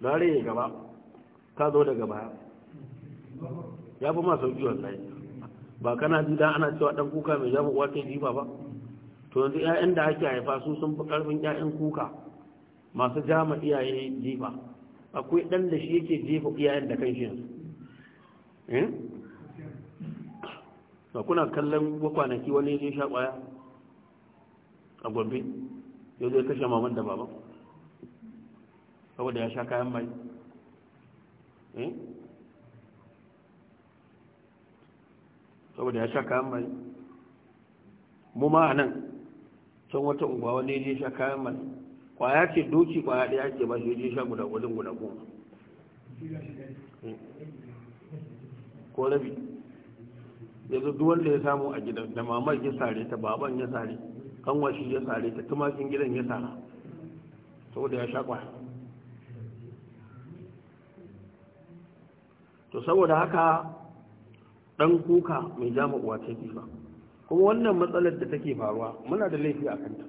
[SPEAKER 1] gare ya gaba ka zo daga baya ya fi masu sauki wallahi ba kana ji dan ana cewa dan kuka mai zama uwa jifa ba to yanzu ƴaƴan da ake haifa su sun fi karfin ƴaƴan kuka masu jama iyaye jifa akwai ɗan da shi yake jefa iyayen da kan shi yanzu eh? ba kuna kallon kwanaki wani yake sha ƙwaya a gombe yau zai kashe maman da baban saboda ya sha kayan mai eh? saboda ya sha kayan mai mu ma a nan can wata unguwa wani yake sha kayan mai kwaya ce doki kwaya ɗaya ake ba shi ya sha guda wajen guda goma hmm. ko rabi yanzu duk wanda ya samu a gidan da mamar ya sare ta baban ya sare kanwashi ya sare ta tumakin gidan ya sara saboda ya sha kwaya to saboda haka ɗan kuka mai jama'uwa uwa ta kifa kuma wannan matsalar da take faruwa muna da laifi a kanta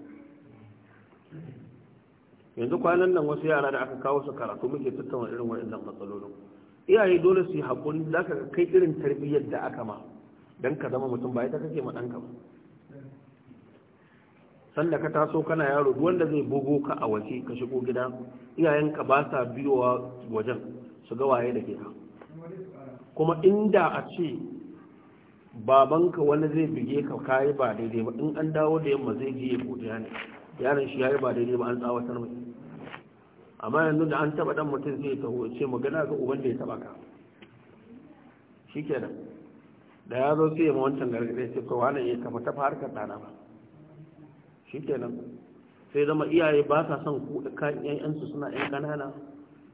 [SPEAKER 1] yanzu kwanan nan wasu yara da aka kawo su karatu muke tattauna irin waɗannan matsalolin iyaye dole su yi haƙuri za ka kai irin tarbiyyar da aka ma don ka zama mutum ba ita kake ma ɗanka ba sanda ka taso kana yaro duk wanda zai bugo ka a waje ka shigo gida iyayenka ba sa biyowa wajen su ga waye da ke ka kuma inda a ce babanka wani zai bige ka kayi ba daidai ba in an dawo da yamma zai je ya godiya ne yaron shi yayi ba daidai ba an tsawatar mai amma yanzu da an taba dan mutum zai taho ce magana ga uban da ya taba ka shikenan da ya zo sai ya wancan gargaɗe sai kowa ne ya kafa ta harkar dana ba shikenan sai zama iyaye ba sa son ku kan yayansu suna yan kanana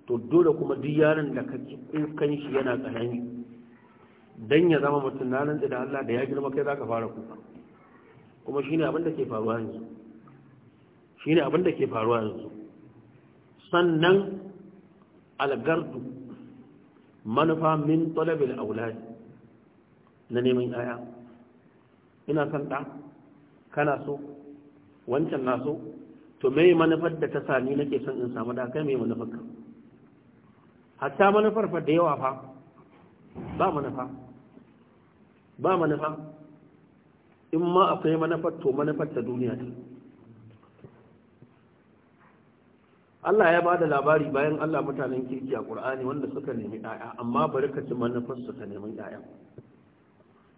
[SPEAKER 1] to dole kuma duk yaron da ka kukan shi yana tsanani dan ya zama mutum na nan da Allah da ya girma kai zaka fara kuka kuma shine abin da ke faruwa yanzu shi abin da ke faruwa yanzu sannan algardu manufa min talabil aulad na neman yaya ina son ɗa kana so wancan na so to me manufar da ta sami nake son in samu da kai me manufar ka hatta manufar fa da yawa fa ba manufa ba manufa in ma akwai manufar to manufar ta duniya ce Allah ya ba da labari bayan Allah mutanen kirki a Ƙur'ani wanda suka nemi ɗaya amma bari ka ci manufar suka nemi ɗaya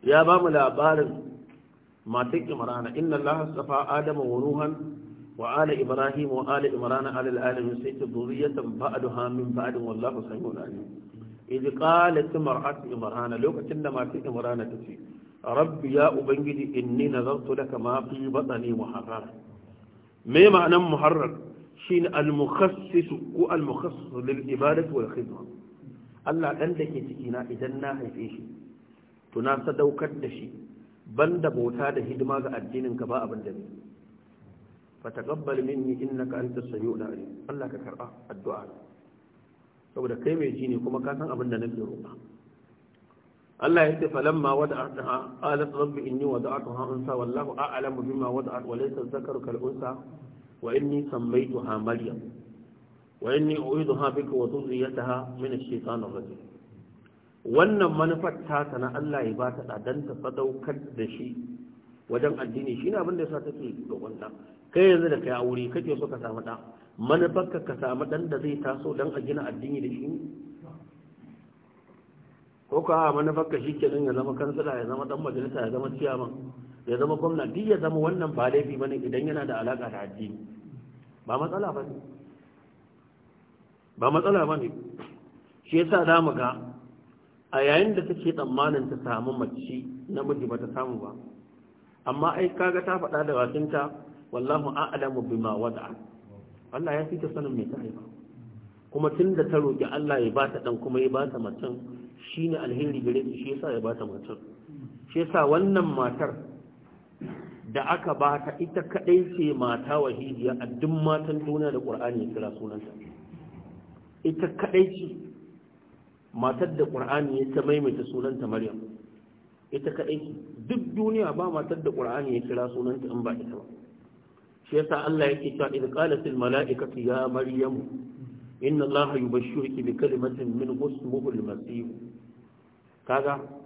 [SPEAKER 1] ya ba mu labarin matan Imrana inna Allah safa Adama wa Nuhan wa ala Ibrahim wa ala Imrana ala alamin sai ta zuriyatan ba'daha min ba'din wallahu samiun alim idh qalat mar'at Imrana lokacin da matan Imrana ta ce rabbi ya ubangiji inni nazartu laka daga mafi batni muharrar me ma'anan muharrar shine al-mukhassis ko al-mukhassis lil ibadati wal khidma Allah dan dake ciki na idan na haife shi to na sadaukar da shi banda bauta da hidima ga addinin ka ba abin da ne fa taqabbal minni innaka antas samiul alim Allah ka karba addu'a saboda kai mai ji ne kuma ka san abin da nake roƙa Allah ya ce falamma wada'ataha qalat rabbi inni wada'ataha unsa wallahu a'lamu bima wada'at wa laysa dhakaru kal unsa wa inni sammaituha maryam wa inni uiduha bika wa dhurriyyataha min ash-shaytanir rajim wannan manufar ta sana Allah ya ba ta dan ta sadaukar da shi wajen addini shine abin da yasa take da ta kai yanzu da kai aure kake so ka samu da manufar ka samu dan da zai taso dan a gina addini da shi ko ka manufarka shi ke ya zama kansila ya zama dan majalisa ya zama ciyaman ya zama gwamna duk ya zama wannan ba laifi bane idan yana da alaka da addini ba matsala ba ne shi yasa sa mu ga a yayin da take tsammanin ta samu mace namiji ba ta samu ba amma ai kaga ta faɗa da wasinta wallahu a'lamu bima wada'a Allah ya fi ta sanin me ta haifa kuma tunda ta roki Allah ya ba ta dan kuma ya bata mutum shine alheri gare shi yasa ya ta mutum shi yasa wannan matar da aka ba ta ita kaɗai ce mata wahidiya a duk matan duniya da ƙur'ani ya kira sunanta ita kaɗai ce matar da ƙur'ani ya ta maimaita sunanta maryam ita kaɗai ce duk duniya ba matar da ƙur'ani ya kira sunanta in ba ita ba shi yasa Allah yake cewa idh qalat al mala'ikatu ya maryam inna allaha yubashshiruki bi kalimatin min ismihi al masih kaga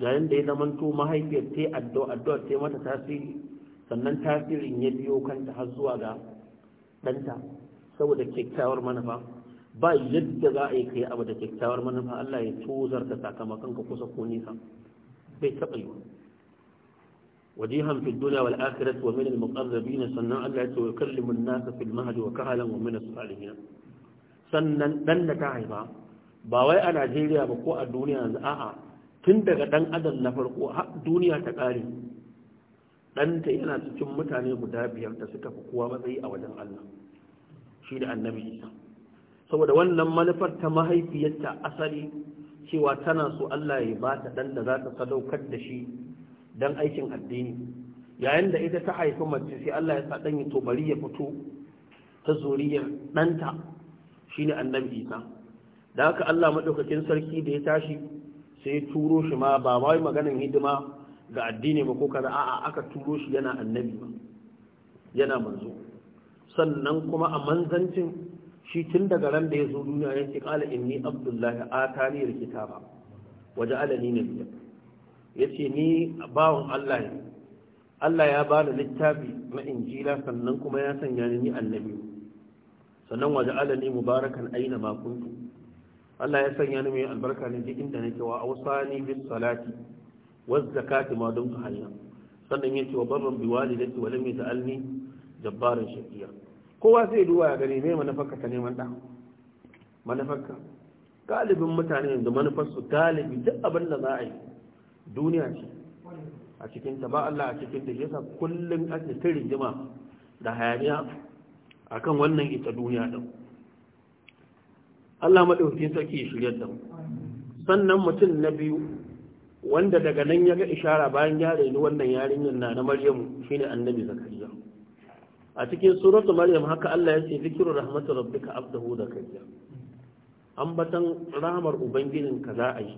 [SPEAKER 1] yayin da ya zamanto mahaifiyar ta addu'a addu'a ta mata tasiri sannan tasirin ya biyo kanta har zuwa ga ɗanta saboda kyakkyawar manufa ba yadda za a yi kai abu da kyakkyawar manufa Allah ya tozar ta sakamakon ka kusa ko nisa bai taɓa yi wajihan fi duniya wal akhirat wa min al muqarrabin sannan Allah ya ce wa kallimu an-nas fil mahdi wa kahalan wa min as-salihin sannan dan da ta haifa ba wai a Najeriya ba ko a duniya yanzu a'a tun daga ɗan adam na farko duniya ta ƙare ɗanta yana cikin mutane guda biyar da suka fi kowa matsayi a wajen Allah shi da annabi isa saboda wannan manufar ta mahaifiyarta asali cewa tana so Allah ya ba ta ɗan da za ta sadaukar da shi don aikin addini yayin da ita ta haifi mace sai Allah ya sa ɗan ya ya fito ta zuriyar ɗanta shine annabi isa da haka Allah maɗaukakin sarki da ya tashi sai turo shi ma ba wai maganin hidima ga addini ba ko kaza a'a aka turo shi yana annabi ba yana manzo sannan kuma a manzancin shi tun daga ran da ya zo duniya ya ce kala inni abdullahi atani alkitaba waja'alani nabiyya yace ni bawon Allah ne Allah ya bani littafi na injila sannan kuma ya sanya ni annabi sannan waja'alani mubarakan aina ma kuntu Allah ya sanya ni mai albarka ne duk inda nake wa awsani bis salati waz zakati ma dum hanya sannan yace wa barran bi walidati wa lam yaj'alni jabbaran shaqiya kowa sai duwa ya gani me manufarka ta neman da manufarka galibin mutane yanzu su galibi duk abin da za a yi duniya ce a cikin ta ba Allah a cikin ta yasa kullun ake ta rigima da hayaniya akan wannan ita duniya din Allah maɗauki sarki shiryar da mu sannan mutum na biyu wanda daga nan ya ga ishara bayan ya raini wannan yarinyar na na Maryamu shine Annabi Zakariya a cikin suratu Maryam haka Allah ya ce zikru rahmatu rabbika abdahu zakariya ambatan rahmar ubangijin ka za a yi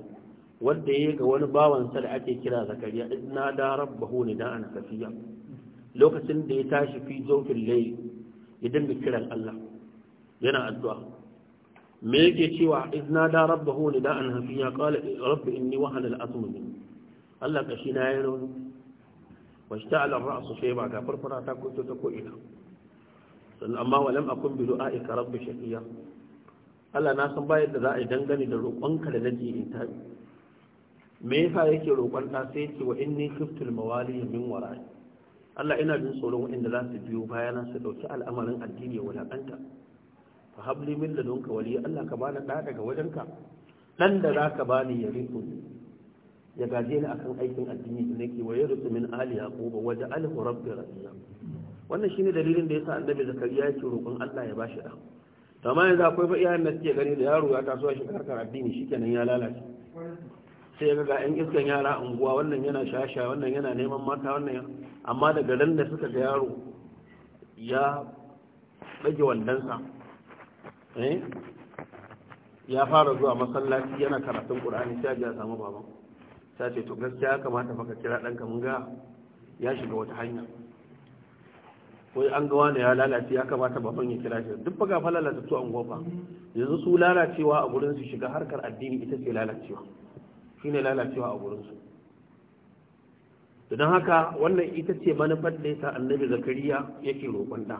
[SPEAKER 1] wanda yayi ga wani bawan sa da ake kira Zakariya idna da rabbahu nida'an safiya lokacin da ya tashi fi jawfin layl idan kiran Allah yana addu'a me yake cewa izna da rabbahu nida'an hafiya kala rabbi inni wahana al'azmu minni Allah ka shi na yi rauni washta'ala ar-ra'su ba ga farfara ta kunto ta ko ina sannan amma walam akun bi du'a'ika rabbi shafiya Allah na san bayar da za a yi dangane da roƙonka da nake in ta me yasa yake roƙon ta sai ce wa inni kiftul mawali min wara'i Allah ina jin tsoron waɗanda za su biyo bayana su ɗauki al'amarin addini ya wulaƙanta fa habli min ladunka wali Allah ka bani da daga wajenka dan da zaka bani ya riku ya gaje ni akan aikin addini da nake wa yarsu min ali yaquba wa ja'alhu rabbi radiya wannan shine dalilin da yasa annabi zakariya yake roƙon Allah ya bashi da amma yanzu akwai fa iyayen da suke gani da yaro ya taso shi karkar addini shikenan ya lalace sai ga yan iskan yara unguwa wannan yana shasha wannan yana neman mata wannan amma daga ran da suka ga yaro ya ɗage wandonsa Eh? ya fara zuwa masallaci yana karatun ƙur'ani sai ya samu baban ta ce to gaskiya kamata maka kira ɗan mun ga ya shiga wata hanya wai an ga wani ya lalace ya kamata baban ya kira shi duk baka fa lalata su an gofa yanzu su lalacewa a gurin su shiga harkar addini ita ce lalacewa shine lalacewa a gurin su don haka wannan ita ce manufar da yasa annabi zakariya yake roƙon da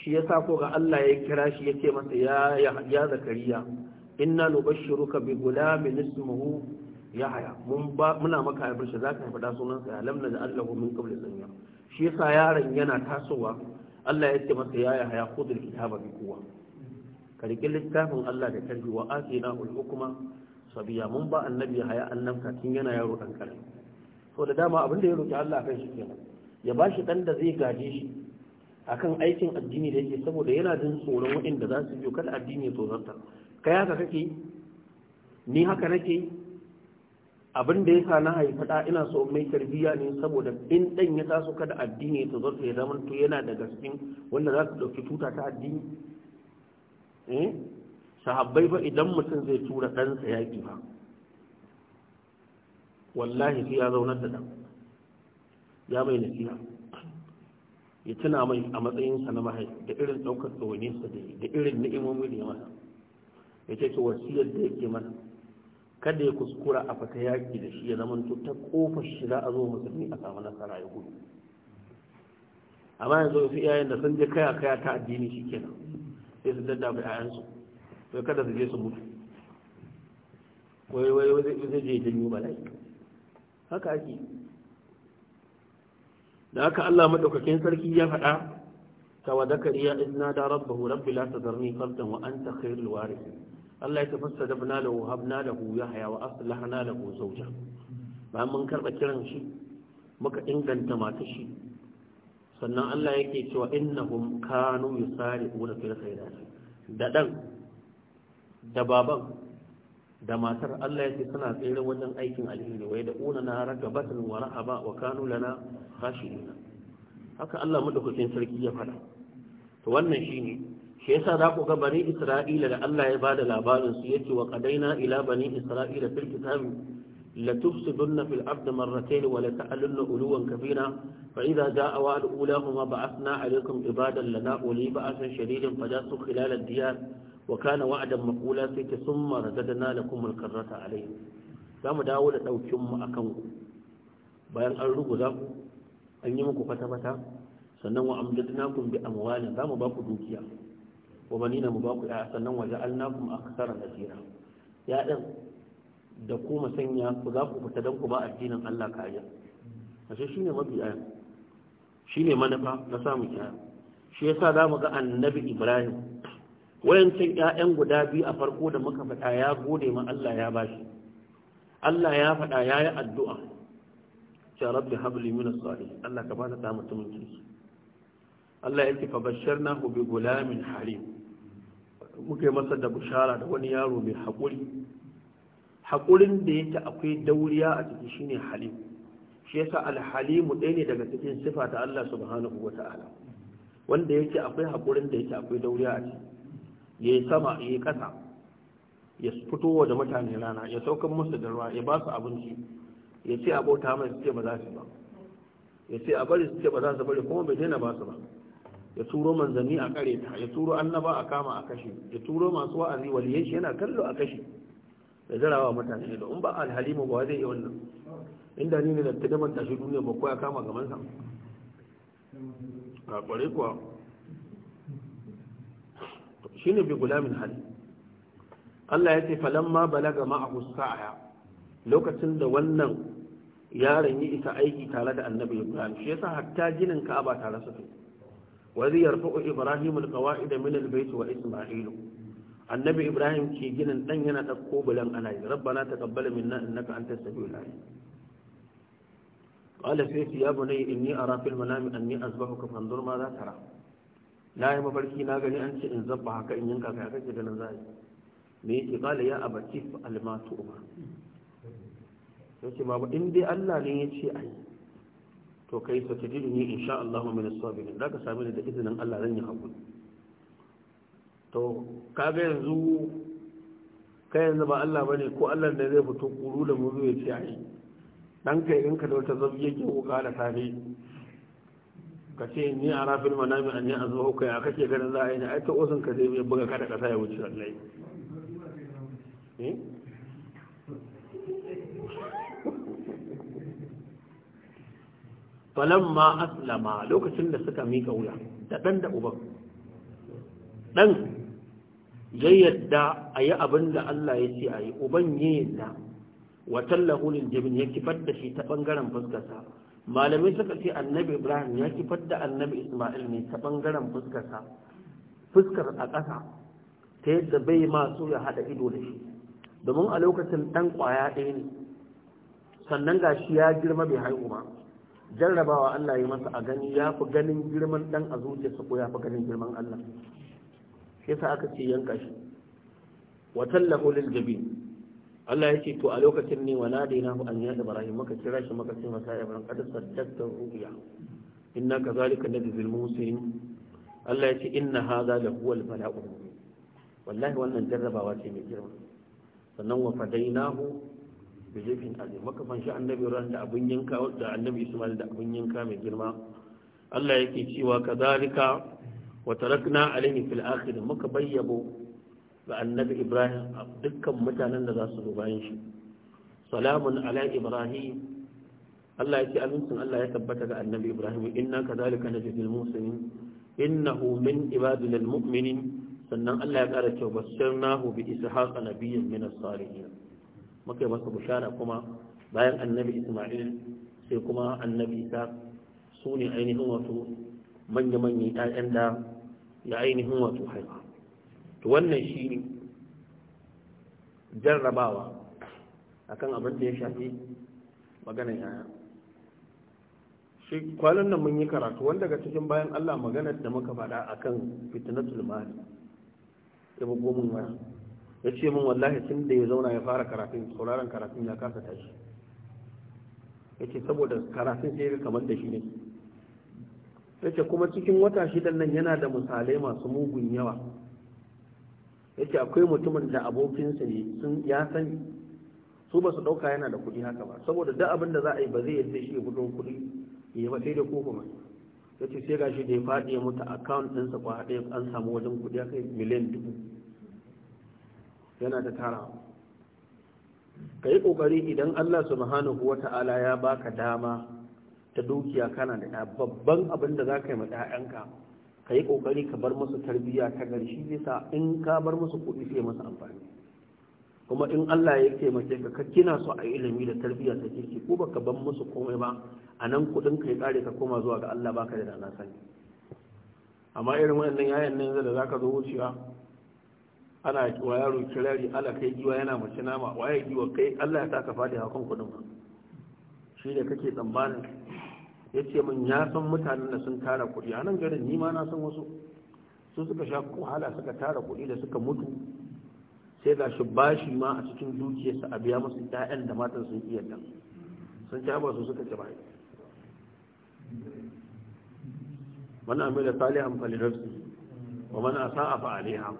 [SPEAKER 1] shi ya sa ko ga Allah ya kira shi ce masa ya ya zakariya inna nubashshiruka bi gulamin ismuhu yahya mun ba muna maka haifar shi zaka haifa da sunan sa lam da allahu min qabl sanya shi yasa yaron yana tasowa Allah ya ce masa ya yahya khudul kitaba bi quwwa ka littafin Allah da karfi wa atina ul hukma sabiya mun ba annabi haya annabka tun yana yaro dan karami so da dama abin da ya roki Allah kan shi kenan ya bashi dan da zai gaje shi akan aikin addini da yake saboda yana jin tsoron waɗanda za su biyo kada addini ya tozarta kai haka kake ni haka nake abin da yasa na haifa da ina so mai tarbiyya ne saboda in dan ya taso kada addini ya tozarta ya zama to yana da gaskin wanda za su dauki tuta ta addini eh sahabbai fa idan mutum zai tura ɗansa yaƙi ba wallahi sai ya zaunar da ɗan ya mai nasiha ya tuna mai a matsayinsa na mahai da irin ɗaukar tsawoninsa da irin ni'imomi da ya masa ya ce wasiyar da yake mana kada ya kuskura a fata yaƙi da shi ya zama ta kofar shi za a zo musulmi a samu nasara ya gudu amma yanzu fi iyayen da sun je kaya kaya ta addini shi kenan sai su daddafa 'ya'yansu sai kada su je su mutu wai wai wai zai je janyo bala'i haka ake da aka Allah madaukakin sarki ya faɗa tawa zakariya idna da rabbahu rabbi la tadarni fardan wa anta khairul warith Allah ya tafassa da bana lahu habna lahu haya wa da lahu zawja bayan mun karba kiran shi muka inganta mata shi sannan Allah yake cewa innahum kanu da fil khairat da dan da baban da matar Allah yake suna tsere wajen aikin alheri wai da una na ragabatan wa rahaba wa kanu lana khashirina haka Allah madaukakin sarki ya fada to wannan shine shi yasa za ku ga bani Isra'ila da Allah ya bada labarin su yace wa qadaina ila bani Isra'ila fil kitabi la tufsidunna fil da marratayn wa la ta'alunna uluwan kabira fa idza jaa wa'd ulahuma ba'athna alaykum ibadan lana uli ba'asan shadidan fajasu khilal ad-diyar wa kana wa'adan maqula sai ta summa radadna lakum al-karrata alayhi zamu dawo da daukin mu akan ku bayan an ruguza ku an yi muku fata fata sannan wa amdadnakum bi amwalin zamu ba ku dukiya wa banina mu ba ku ya sannan wa ja'alnakum aktsara nasira ya dan da ku sanya ku za ku fita dan ku ba addinin Allah kariya ashe shine mabiya shine manufa na samu kiyaya shi yasa zamu ga annabi Ibrahim wayancin ƴaƴan guda biyu a farko da muka faɗa ya gode ma Allah ya bashi Allah ya faɗa ya yi addu'a ce rabbi habli min as-salih Allah ka bani ta mutumin kirki Allah yake fa basharnahu bi gulamin halim muke masa da bushara da wani yaro mai haƙuri haƙurin da yake akwai dauriya a ciki shine halim shi yasa alhalimu ɗaya ne daga cikin sifa ta Allah subhanahu ta'ala. wanda yake akwai haƙurin da yake akwai dauriya a ciki ya yi sama ya kasa ƙasa ya fito da mutane rana ya saukan musu da ruwa ya ba su abinci ya ce abota mai su ce ba za su ba ya ce a bari su ce ba za su bari kuma bai daina ba su ba ya turo manzanni a kare ta ya turo annaba a kama a kashe ya turo masu wa'azi waliyan shi yana kallo a kashe da zarawa mutane da in ba alhalimu ba zai yi wannan inda ni ne da ta daban tashi duniya ba kuwa ya kama gaban sa a kware kuwa shine bi gulamin hali Allah ya ce falamma balaga ma'ahu sa'a lokacin da wannan yaron ya isa aiki tare da annabi Ibrahim shi yasa hatta ginin ba tare su kai wa yarfa'u Ibrahim al min al wa Isma'il annabi Ibrahim ke ginin dan yana dauko bulan ana yi rabbana taqabbal minna innaka antas samiul alim qala sayyidi ya bunayya inni ara fil manami anni azbahuka fanzur ma za tara na yi mafarki na gani an ce in zaba haka in yanka kai kake ganin zai me yake kala ya abati almatu ya yace babu in dai Allah ne ya ce ai to kai sa tajidu ni insha Allah min as-sabirin zaka sami da izinin Allah zan yi hakuri to kaga yanzu kai yanzu ba Allah bane ko Allah da zai fito kuru da mu zai ce ai dan kai in ka da wata zabi yake ko kala tare ka ce ni a rafin manami an yi zuwa hukai, a kake ganin za a yi na ta osin ka zai mai buga kada kasa ya wuce ma eh? falamma aslama lokacin da suka mika wuya da ɗan da uban ɗan ya yadda a yi abin da Allah ya ce a yi uban ya yadda wa tallahu lil ya kifar da shi ta bangaren fuskarsa malamai suka ce annabi ibrahim ya kifar da annabi ismail ne ta bangaren fuskarsa fuskar a ƙasa ta yadda bai masu ya haɗa ido da shi domin a lokacin ɗan ƙwaya ɗaya ne sannan ga shi ya girma bai haihu ba jarrabawa Allah ya masa a gani ya fi ganin girman ɗan a zuciyarsa ko ya fi ganin girman Allah shi sa aka ce yanka shi wa tallahu lil jabin Allah ya ce to a lokacin ne wa nadaina hu an da ibrahim maka kira shi maka ce masa ibrahim kada saddaqta ru'ya inna kazalika nadzil musin Allah ya ce inna hadha la huwa al bala'u wallahi wannan jarrabawa ce mai girma sannan wa fadainahu bi zafin azim maka fanshi annabi ran da abun yanka da annabi ismail da abun yanka mai girma Allah yake cewa kazalika wa tarakna alaihi fil akhir maka bayyabo ga annabi ibrahim a dukkan mutanen da za su zo bayan shi salamun ala ibrahim Allah ya ce amincin Allah ya tabbata ga annabi ibrahim inna kadhalika najzil muslimin innahu min ibadina almu'minin sannan Allah ya ƙara cewa basirnahu bi ishaqa nabiyyin min as-salihin muka yi masa bushara kuma bayan annabi isma'il sai kuma annabi isa su ne ainihin wato manya-manyan 'ya'yan da ya ainihin wasu haifa to wannan shi ne jarrabawa akan abin da ya shafi maganar yaya shi kwanan nan mun yi karatu wanda ga cikin bayan Allah maganar da muka faɗa akan fitnatul mali ya bugu mun waya ya ce min wallahi tun da ya zauna ya fara karatun sauraron karatun ya kasa tashi ya ce saboda karatun sai ya kamar da shi ne ya ce kuma cikin wata shidan nan yana da misalai masu mugun yawa yace akwai mutumin da abokinsa ne sun ya sani su ba su ɗauka yana da kuɗi haka ba saboda duk abin da za a yi ba zai yadda shi ya fito kuɗi ya ba sai da ko kuma yace sai sai gashi da ya faɗi ya mutu account ɗinsa kwa haɗe an samu wajen kuɗi ya kai miliyan dubu yana da tara ka yi ƙoƙari idan Allah subhanahu wa ta'ala ya baka dama ta dukiya kana da babban abin da za ka yi ma 'ya'yanka ka yi ƙoƙari ka bar musu tarbiyya ta garshi zai sa in ka bar musu kuɗi sai masa amfani kuma in Allah ya taimake ka ka kina su a ilimi da tarbiyya ta kirki ko baka bar musu komai ba a nan kuɗin ka ya ƙare ka koma zuwa ga Allah baka da dana sani amma irin waɗannan yayan nan da zaka zo wucewa ana wa yaro kirari ala kai giwa yana mace nama waye giwa kai Allah ya saka fadi hakan kuɗin ba shi da kake tsammanin ya ce min ya san mutanen da sun tara kuɗi a nan garin ni ma na san wasu su suka sha wahala suka tara kuɗi da suka mutu sai ga shi bashi ma a cikin dukiyarsa a biya masu ɗayan da matan sun iya nan sun ci ba su suka ci bai man amila fali falinafsi wa man asa'a fa alaiha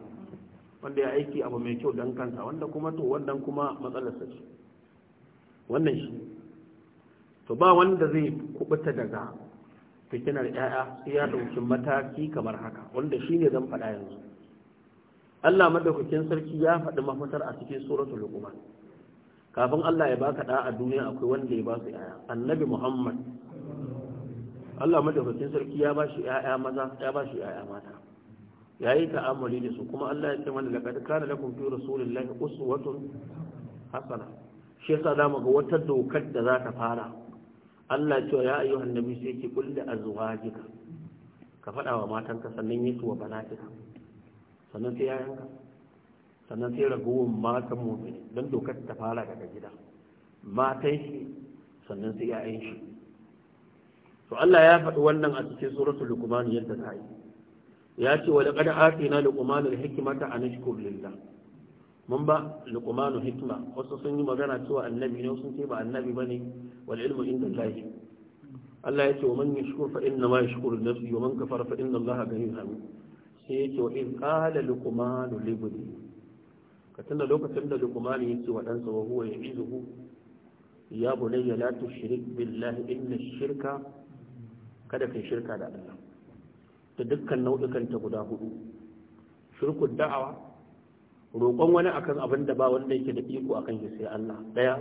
[SPEAKER 1] wanda ya aiki abu mai kyau dan kansa wanda kuma to wannan kuma matsalarsa ce wannan shi to ba wanda zai kubuta daga fitinar 'ya'ya ya dauki mataki kamar haka wanda shine zan faɗa yanzu Allah madaukakin sarki ya faɗi mafitar a cikin suratul luqman kafin Allah ya baka da a duniya akwai wanda ya ba su annabi Muhammad Allah madaukakin sarki ya ba shi ƴaƴa maza ya ba shi ƴaƴa mata yayi ta'amuli da su kuma Allah ya ce mana laqad kana lakum fi rasulillahi uswatun hasana shi yasa zamu ga wata dokar da za ta fara Allah cewa ya ayyuhan nabi sai ki kulli azwajika ka faɗa wa matanka sannan ya wa banatika sannan sai ka sannan sai ragowar matan mummuni don dokar ta fara daga gida matan shi sannan sai yayan shi to Allah ya faɗi wannan a cikin suratul luqman yadda ta yi ya ce wa laqad atina luqman al-hikmata an ashkur lillah mun ba luqmanu hikma wasu sun yi magana cewa annabi ne sun ce ba annabi bane wal ilmu inda Allah Allah ya ce wa man yashkur fa inna ma yashkuru nafsi wa man kafara fa inna Allah ghaniyun hamid sai ya ce wa in qala luqmanu li ka tunda lokacin da luqmanu ya wa dan sa wa huwa ya'izuhu ya bunayya la tushrik billahi inna shirka kada kai shirka da Allah da dukkan nau'ikan ta guda hudu shirku da'awa roƙon wani akan abin da ba wanda yake da iko akan shi sai Allah ɗaya.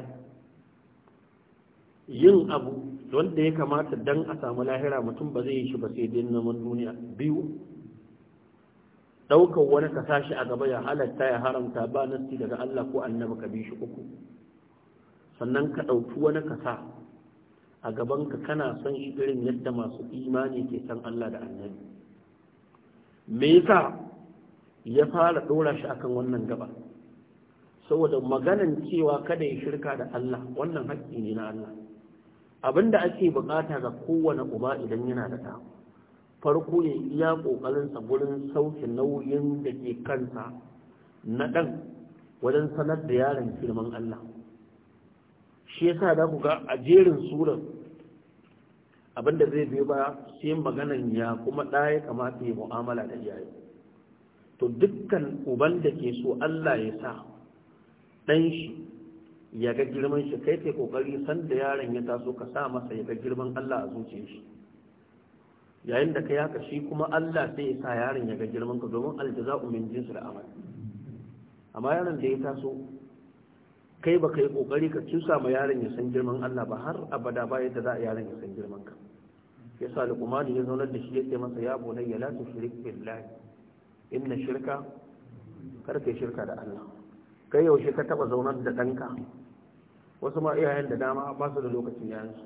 [SPEAKER 1] yin abu wanda ya kamata dan a samu lahira mutum ba zai yi shi ba sai na naman duniya biyu Ɗaukar wani ka shi a gaba ya halatta ya haramta ba nasti daga Allah ko annabi ka bi shi uku sannan ka ɗauki wani ka sa a gaban ka kana son shi irin yadda masu imani ke san Allah da annabi me yasa ya fara ɗora shi akan wannan gaba saboda maganan cewa kada ya shirka da Allah wannan haƙƙi ne na Allah abinda ake bukata ga kowane uba idan yana da ta farko ya iya ƙoƙarinsa gurin sauke nauyin da ke kansa na ɗan wajen sanar da yaron firman Allah shi yasa za ku ga a jerin surar abinda zai biyo ba sai maganan ya kuma ɗaya kamata ya mu'amala da iyaye to dukkan uban da ke so Allah ya sa ɗan shi ya ga girman shi kai kai kokari sanda yaron ya taso ka sa masa ya ga girman Allah a zuciyar shi yayin da ka yaka shi kuma Allah sai ya sa yaron ya ga girman ka domin aljaza'u min da amal amma yaron da ya taso kai ba kai kokari ka cusa ma yaron ya san girman Allah ba har abada ba yadda za a yaron ya san girman ka yasa luqman ya zaunar da shi ya ce masa ya bunayya la tushrik billahi inna shirka karka shirka da Allah kai yaushe ka taba zaunar da danka wasu ma iyayen da dama ba su da lokacin yayansu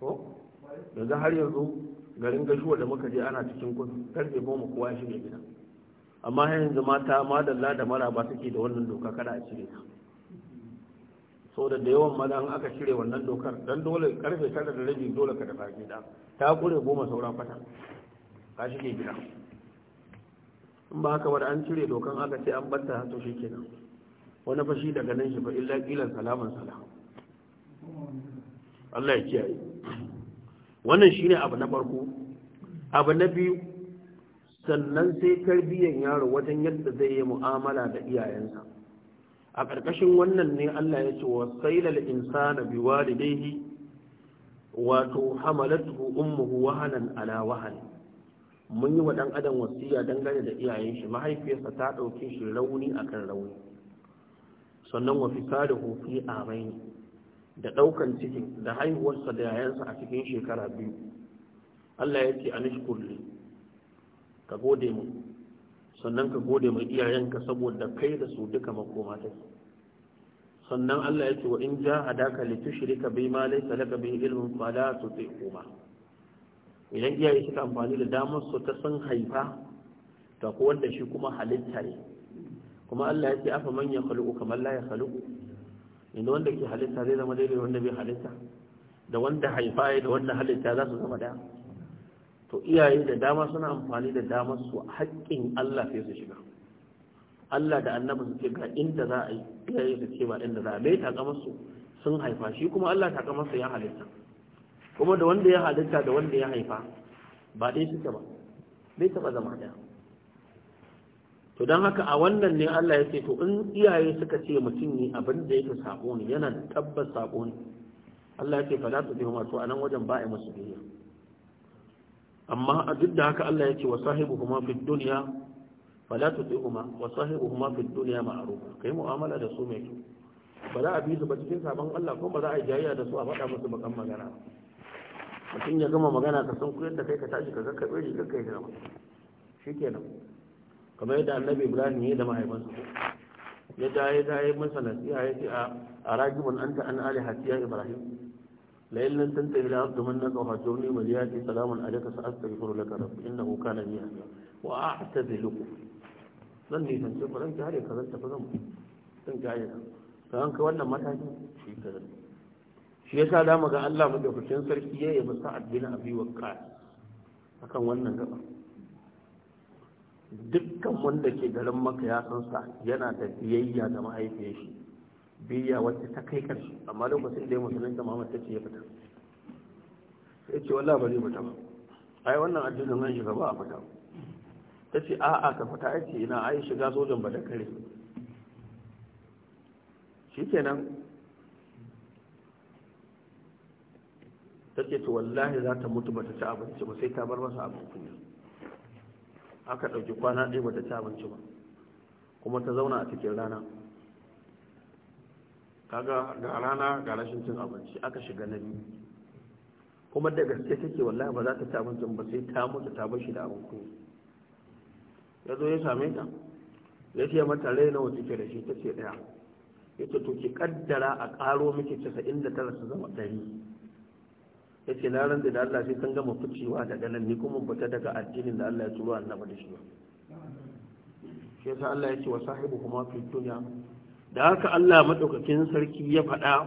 [SPEAKER 1] ko yanzu har yanzu garin gashuwa da muka je ana cikin kudu karfe goma kowa ya shiga gida amma yanzu mata madalla da maraba suke da wannan doka kada a cire ta so da da yawan maza aka cire wannan dokar don dole karfe tara da rabi dole ka tafi gida ta kure goma saura fata. ka ke gida in ba haka ba an cire dokan aka ce an bata to shi kenan wani fashi daga nan shi ba illa kilan salaman salam Allah ya kiyaye wannan shine abu na farko abu na biyu sannan sai tarbiyyar yaro wajen yadda zai yi mu'amala da iyayensa a ƙarƙashin wannan ne Allah ya ce wa sailal insana bi walidayhi wato hamalatuhu ummuhu wahanan ala wahani mun yi wa ɗan adam wasiya dangane da iyayen shi mahaifiyarsa ta ɗauke shi rauni akan rauni sannan wa fi da hofi a ne da ɗaukan cikin da haihuwarsa da yayansa a cikin shekara biyu Allah ya ce a nishkurli ka gode mu sannan ka gode mai iyayenka saboda kai da su duka makoma ke. sannan Allah ya ce wa in ja hadaka li tushrika bi ma laysa laka bihi ilmun fala tuti'uma idan iyaye suka amfani da damar su ta sun haifa to ko wanda shi kuma halitta ne kuma Allah ya ce afa man ya khaluqu kamar la ya khaluqu inda wanda ke halitta zai zama daidai wanda bai halitta da wanda haifa da wanda halitta za su zama daya to iyaye da dama suna amfani da damar su haƙƙin Allah sai su shiga Allah da annabi su ce ga inda za a yi iyaye su ce ba inda za a bai ta kamar su sun haifa shi kuma Allah ta kamar su ya halitta kuma da wanda ya halitta da wanda ya haifa ba dai suke ba bai taba zama ɗaya. to don haka a wannan ne Allah ya ce to in iyaye suka ce mutum ne abin da yake sako ne yana da tabbas sabon. ne Allah ya ce fala su bihu masu anan wajen ba a musu biya amma a duk da haka Allah ya ce wa sahibu kuma fi duniya su tu kuma wa sahibu kuma fi duniya ka yi mu'amala da su mai kyau ba za a bi su ba cikin sabon Allah ko ba za a yi jayya da su a faɗa musu bakan magana mutum ya gama magana ka san kuyar da kai ka tashi ka kakkaɓe shi ka kai jira shi ke nan kamar yadda annabi ibrahim ya da mahaifansa ya ta ya ta yi masa nasiha ya ce a ragibin an ta an ali hatiya ibrahim la yin nan tanta ila abdu man naka hajjo ne mai ya ce salamun alaika sa asta gifuru laka rabbi inna hu kana niya wa a ta ziluku zan ne ku zan ki hare ka zan tafi zan zan ki hare ka ka ka wannan mataki shi ka zan shi yasa da mu ga Allah madaukakin sarki ya masa sa'ad bin abi a akan wannan gaba dukkan wanda ke garin maka ya san sa yana da biyayya da mahaifiyar shi biyayya wacce ta kai karshe amma lokacin da ya musulun da Muhammad ce ya fita sai ce wala ba zai fita ba ai wannan addinin nan shiga ba a fita ce a'a ka fita ya ce ina ai shiga sojan ba da kare shi kenan. ta ce to wallahi za ta mutu bata ci abinci ba sai ta bar masa abin kunya aka ɗauki kwana ɗaya bata ci abinci ba kuma ta zauna a cikin rana kaga ga rana ga rashin cin abinci aka shiga na biyu kuma da gaske take wallahi ba za ta ci abincin ba sai ta mutu ta bar shi da abin kunya ya zo ya same ta ya ce mata rai nawa kike da shi ta ce ɗaya ya ce to ki kaddara a ƙaro miki casa'in da ta su zama ɗari ya ce na ran da Allah sai kan gama ficewa daga nan ni kuma fita daga addinin da Allah ya turo annabi da shi shi yasa Allah ya ce wa sahibu kuma fi dunya da haka Allah madaukakin sarki ya faɗa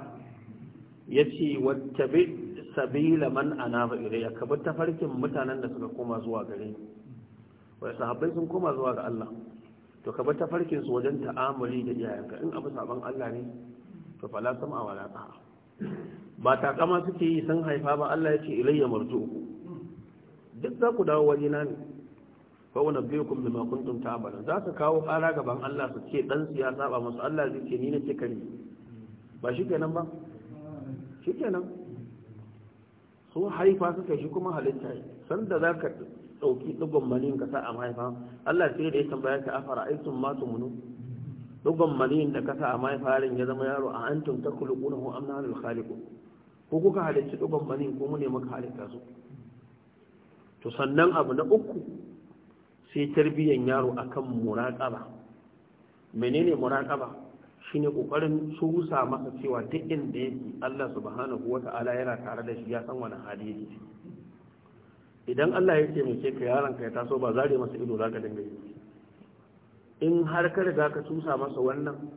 [SPEAKER 1] ya ce wattabi sabila man anaba ilayya ka bi tafarkin mutanen da suka koma zuwa gare ni sahabbai sun koma zuwa ga Allah to ka bi tafarkin su wajen ta'amuli da iyayenka in abu saban Allah ne to fala sama wala ta'a ba takama suke yi sun haifa ba Allah ya ce ilayya marju duk za ku dawo wajena ne fa wa nabiyukum bima kuntum ta'malun za su kawo ƙara gaban Allah su ce dan siya saba musu Allah zai ce ni ce kare ba shikenan ba shikenan su haifa suka shi kuma halitta sanda ka dauki digon malin ka sa a mahaifa Allah sai da ya tambaya ka afara aitum ma tumunu dugon maniyin da kasa a mahaifarin ya zama yaro a antum ta kulukuna ko amna halin khaliku ko kuka halicci dugon maniyin ko mu ne maka halitta su to sannan abu na uku sai tarbiyyan yaro akan muraqaba menene muraqaba shine ƙoƙarin tsusa masa cewa duk inda yake Allah subhanahu wata'ala yana tare da shi ya san wani hali yake idan Allah ya ce ka yaron ka ya taso ba zare masa ido zaka dinga yi in har ka riga ka cusa masa wannan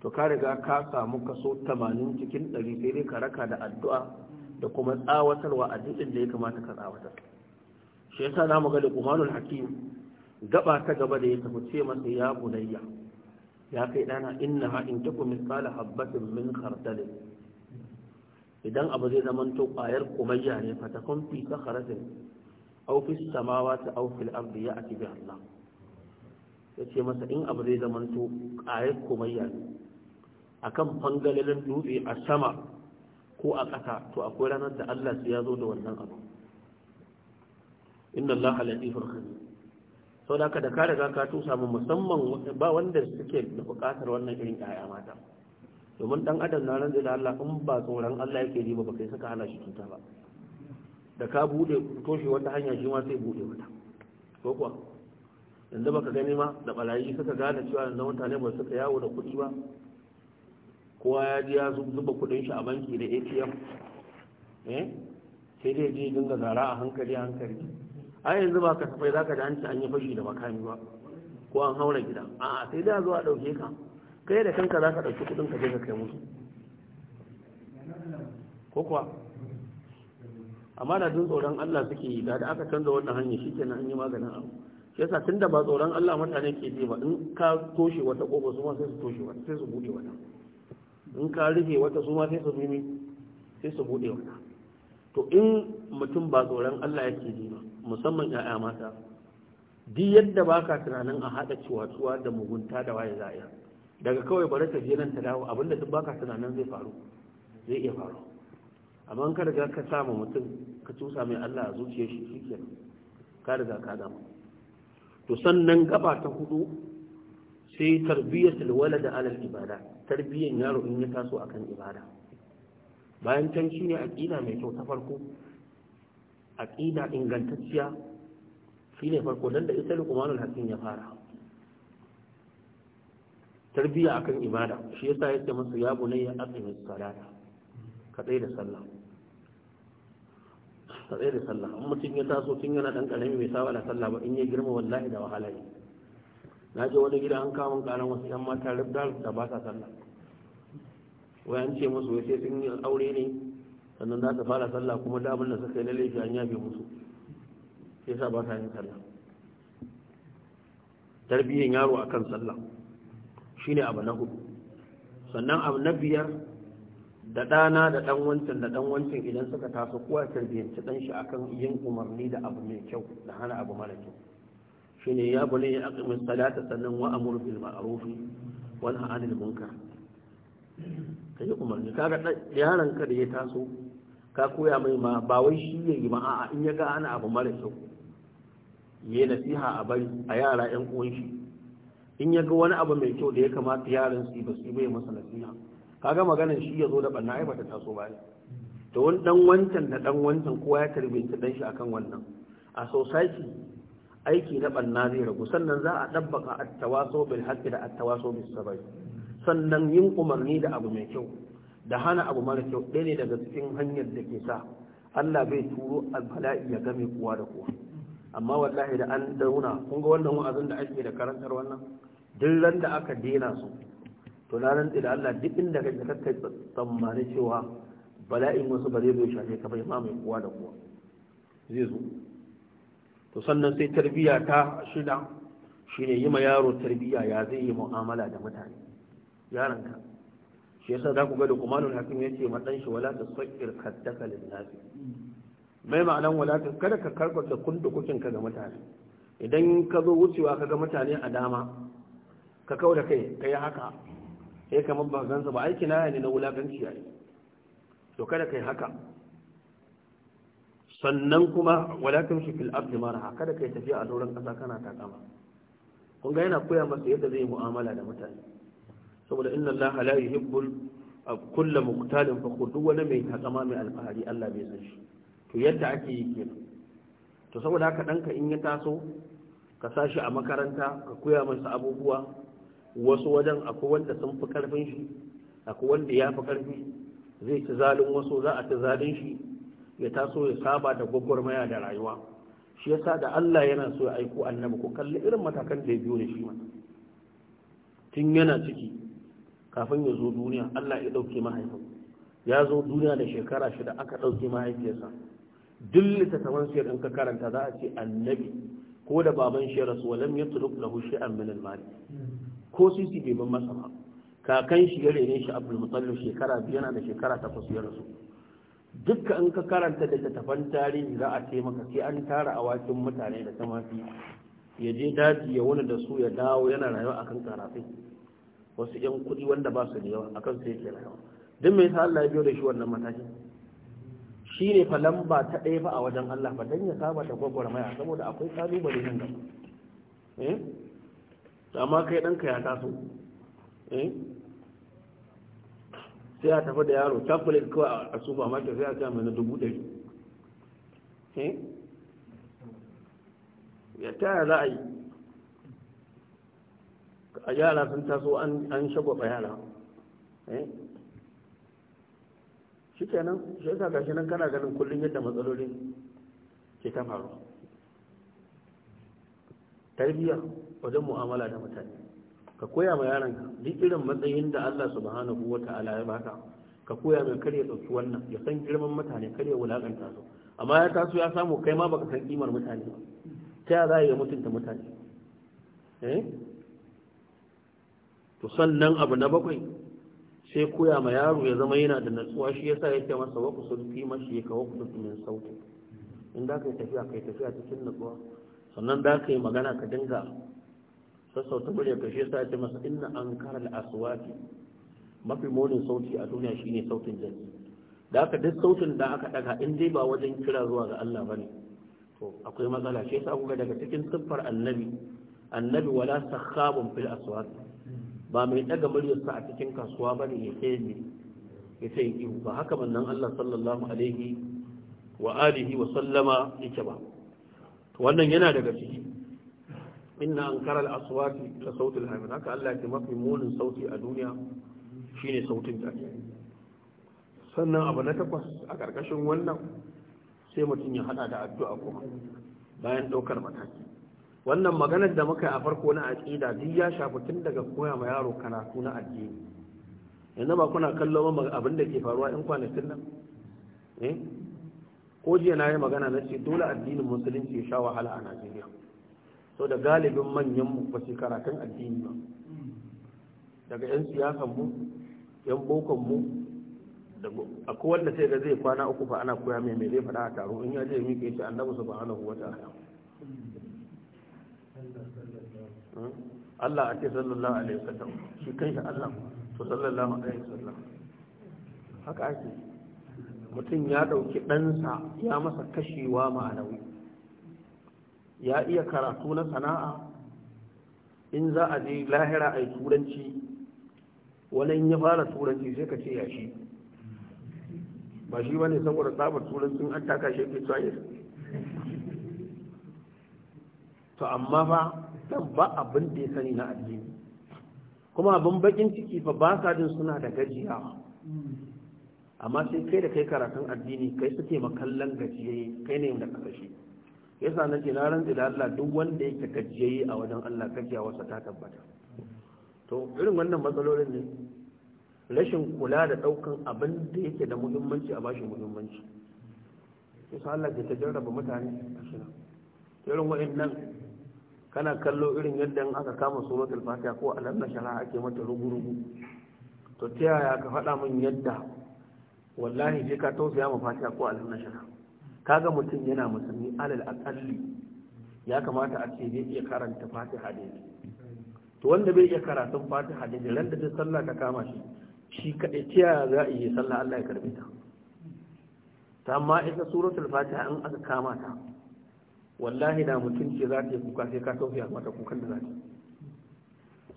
[SPEAKER 1] to ka riga ka samu kaso 80 cikin 100 sai dai ka raka da addu'a da kuma tsawatarwa a dukkan da ya kamata ka tsawatar shi yasa zamu ga Luqmanul Hakim gaba ta gaba da ya tafi ce masa ya bunayya ya kai dana ha in takum misqala habatin min khardal idan abu zai zama to ƙwayar kumayya ne fatakun fi sakharatin aw fi samawati aw fil ardi ya'ti bi Allah ya ce masa in abu zai to ƙayar komayya a kan fangalilin dutse a sama ko a ƙasa to akwai ranar da Allah su ya zo da wannan abu inda Allah halatifar ne. sau da da ka riga ka tusa mu musamman ba wanda suke da buƙatar wannan irin ƙaya mata domin ɗan adam na ranar da Allah in ba tsoron Allah yake ji ba kai saka hana shi cuta ba da ka bude toshe wata hanya shi ma sai buɗe wata yanzu baka gani ma da balayi suka gane cewa yanzu mutane ba suka yawo da kuɗi ba kowa ya ji ya zuba kuɗin shi a banki da atm eh sai dai je dinga zara a hankali hankali a yanzu ba ka safai zaka da hanci an yi fashi da makami ba ko an haura gida a sai zo zuwa ɗauke ka kai da kanka zaka ɗauki kuɗin ka je ka kai musu ko kuwa amma da jin tsoron Allah suke yi da aka canza wannan hanyar shikenan an yi maganin abu shi yasa da ba tsoron Allah mutane ke ji ba in ka toshe wata kofa su ma sai su toshe wata sai su bude wata in ka rufe wata su ma sai su rufe sai su bude wata to in mutum ba tsoron Allah yake ji ba musamman 'ya'ya mata duk yadda ka tunanin a haɗa ciwatuwa da mugunta da waye za'a daga kawai bari ta je nan ta dawo abinda duk ba ka tunanin zai faru zai iya faru amma ka riga ka mutum ka cusa mai Allah a zuciyar shi shikenan ka riga ka gama to sannan gaba ta hudu sai tarbiyatul walada alal ibada tarbiyyan yaro in ya taso akan ibada bayan can shine aqida mai kyau ta farko aqida ingantacciya shine farko dan da ita luqmanul hakim ya fara tarbiyya akan ibada shi yasa yake masa ya bunayya aqimis salata ka da sallah ka tsaye da sallah in mutum ya taso tun yana dan karami mai saba da sallah ba in ya girma wallahi da wahala ne na je wani gida an kawo karan wasu yan mata rubda da ba sa sallah wai an ce musu wai sai sun yi aure ne sannan za su fara sallah kuma da abin da suka yi laifi an yafe musu sai sa ba sa yin sallah tarbiyyar yaro akan sallah shine abu na hudu sannan abu na biyar da ɗana da ɗan wancan da ɗan wancan idan suka taso kowa tarbiyyanci ɗan shi akan yin umarni da abu mai kyau da hana abu mara kyau shine ya bune ya aqimin salata sannan wa amur bil ma'ruf wa nahy anil munkar yi umarni kaga yaran ka da ya taso ka koya mai ma ba wai shi yayi ma a'a in ya ga ana abu mara kyau ya nasiha a bari a yara yan uwan shi in ya ga wani abu mai kyau da ya kamata yaran su ba su yi masa nasiha kaga maganar shi ya zo da banna ai bata taso ba to wani dan wancan da dan wancan kowa ya tarbiyyanci dan shi akan wannan a society aiki na banna zai ragu sannan za a dabbaka at-tawaso bil haqqi da at-tawaso bis sabr sannan yin umarni da abu mai kyau da hana abu mara kyau ɗaya ne daga cikin hanyar da ke sa Allah bai turo albala'i ya game kowa da kowa amma wallahi da an dauna kun ga wannan wa'azin da ake da karantar wannan duk da aka dena su to na rantse da Allah duk inda ka da kai tsammani cewa bala'in wasu ba zai zo shafe ka bai ma mai kowa da kowa zai zo to sannan sai tarbiyya ta shida shine yi ma yaro tarbiyya ya zai yi mu'amala da mutane yaranka shi yasa za ku ga da nuna hakim ya ce madan shi wala ta sakir kaddaka lin mai ma'anan wala ta kada ka karkata kundukukin ka ga mutane idan ka zo wucewa ka ga mutane a dama ka kau da kai ka yi haka sai kamar ba gansa ba aiki na ne na wulakanci yayi to kada kai haka sannan kuma wala tamshi fil ardi maraha kada kai tafiya a doron kasa kana takama kun ga yana koya masa yadda zai mu'amala da mutane saboda inna allaha la yuhibbul ah, kulla muqtalin fakhur duk wani mai takama mai alfahari Allah bai san shi to yadda ake yi kenan to saboda haka danka in ya taso ka sashi a makaranta ka koya masa abubuwa wasu wajen akwai wanda sun fi karfin shi akwai wanda ya fi karfi zai ci zalin wasu za a ci zalin shi ya taso ya saba da gwagwarmaya da rayuwa shi yasa da Allah yana so ya aiko annabi ko kalli irin matakan da ya biyo da shi mata tun yana ciki kafin ya zo duniya Allah ya dauke mahaifin ya zo duniya da shekara shida aka dauke mahaifiyarsa duk littattafan sirri in ka karanta za a ce annabi ko da baban shi rasu walam yatruk lahu shay'an min al-mali ko sisi su ɗeban masa ba kakan shi ya ne shi abdul shekara biyu yana da shekara takwas ya rasu dukka in ka karanta da tafan tarihi za a ce sai an tara awakin mutane da samaki ya je daji ya wani da su ya dawo yana rayuwa akan karafin wasu yan kuɗi wanda ba su da yawa akan sai yake rayuwa duk mai sa Allah ya biyo da shi wannan matakin shi ne fa lamba ta ɗaya fa a wajen Allah Ba dan ya saba da gwagwarmaya saboda akwai kalubale nan gaba eh? amma kai ɗanka ya taso eh? sai a tafi da yaro chocolate kawai a super market sai a ce mai na dubu ɗari eh? ya taya za a yi a yara sun taso an shagwaba yara eh? shi kenan shi yasa gashi nan kana ganin kullum yadda matsalolin ke ta faru tarbiyya wajen mu'amala da mutane ka koya ma yaranka duk irin matsayin da Allah subhanahu wa ta'ala ya baka ka koya mai kar ya dauki wannan ya san girman mutane kar ya wulakanta su amma ya taso ya samu kai ma baka san kimar mutane ba ta ya za ya mutunta mutane eh? to sannan abu na bakwai sai koya ma yaro ya zama yana da natsuwa shi yasa yake masa wa sun fi mashi ka wa kusur mai sautin in za ka yi tafiya ka yi tafiya cikin natsuwa sannan za ka yi magana ka dinga sassauta murya ka shi sa ce masa inna an kara asuwaki. mafi munin sauti a duniya shine sautin jaki da aka duk sautin da aka daga in dai ba wajen kira zuwa ga Allah bane to akwai matsala shi sa kuka daga cikin siffar annabi annabi wala sakhabun fil aswat ba mai daga muryarsa a cikin kasuwa bane ya ce ne ya in ba haka bannan Allah sallallahu alaihi wa alihi wa sallama yake ba wannan yana daga ciki inna an karar aswati da sautin hamid haka Allah ke mafi munin sauti a duniya shine sautin da sannan abu na takwas a ƙarƙashin wannan sai mutum ya hada da addu'a kuma bayan ɗaukar mataki wannan maganar da muka yi a farko na aƙida duk ya shafi tun daga koya ma yaro karatu na addini yanzu ba kuna kallo abin da ke faruwa in kwanakin nan eh? ko jiya na yi magana na ce dole addinin musulunci ya sha wahala a najeriya so da galibin manyan mu karatun addini ba daga 'yan siyasan mu 'yan bokon mu akwai wanda sai da zai kwana uku fa ana koya mai mai zai faɗa a taro in yaje ya je annabu su ba annabi subhanahu ta haya Allah a ce sallallahu alaihi wasallam shi kanshi Allah to sallallahu alaihi wasallam haka ake mutum ya ɗauki ɗansa ya masa kashewa ma'anawi ya iya karatu na sana'a in za a je lahira a yi turanci wani ya fara turanci sai ka ce ya shi ba shi ba ne saboda tsabar turancin an taka shi ke tsaye to amma fa dan ba abin da ya sani na addini kuma abin bakin ciki fa ba sa jin suna da gajiya amma sai kai da kai karatun addini kai suke makallan gajiyayi kai ne da kasashe yasa nake na rantsi da Allah duk wanda yake gajiyayi a wajen Allah gajiya wasa ta tabbata to irin wannan matsalolin ne rashin kula da daukan abin da yake da muhimmanci a bashi muhimmanci yasa Allah ke ta jarraba mutane a shi irin wa'annan kana kallo irin yadda aka kama suratul fatiha ko a shara ake mata rugurugu to ta yaya ka faɗa min yadda wallahi je ka tausaya ya fatiha ko alim na shara kaga mutum yana musulmi alal akalli ya kamata a ce zai iya karanta fatiha da to wanda bai iya karatun fatiha da ran da sallah ta kama shi shi kaɗai ta za a yi sallah Allah ya karbe ta ta amma ita suratul fatiha in aka kama ta wallahi da mutum ce za ta yi kuka sai ka ya mata kukan da za ta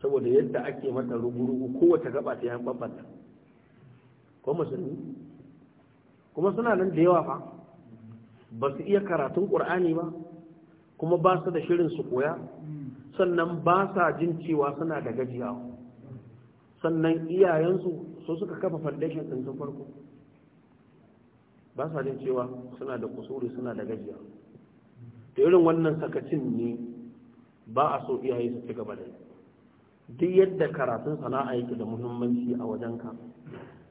[SPEAKER 1] saboda yadda ake mata rugurugu kowace gaba ta yi babbanta ko musulmi kuma suna nan da yawa fa ba su iya karatun ƙur'ani ba kuma ba su da shirin su koya sannan ba sa jin cewa suna da gajiya sannan iyayensu so suka kafa foundation ɗin sun farko ba sa jin cewa suna da kusuri suna da gajiya da irin wannan sakacin ne ba a so iyaye su ci gaba da duk yadda karatun sana'a yake da muhimmanci a wajen wajenka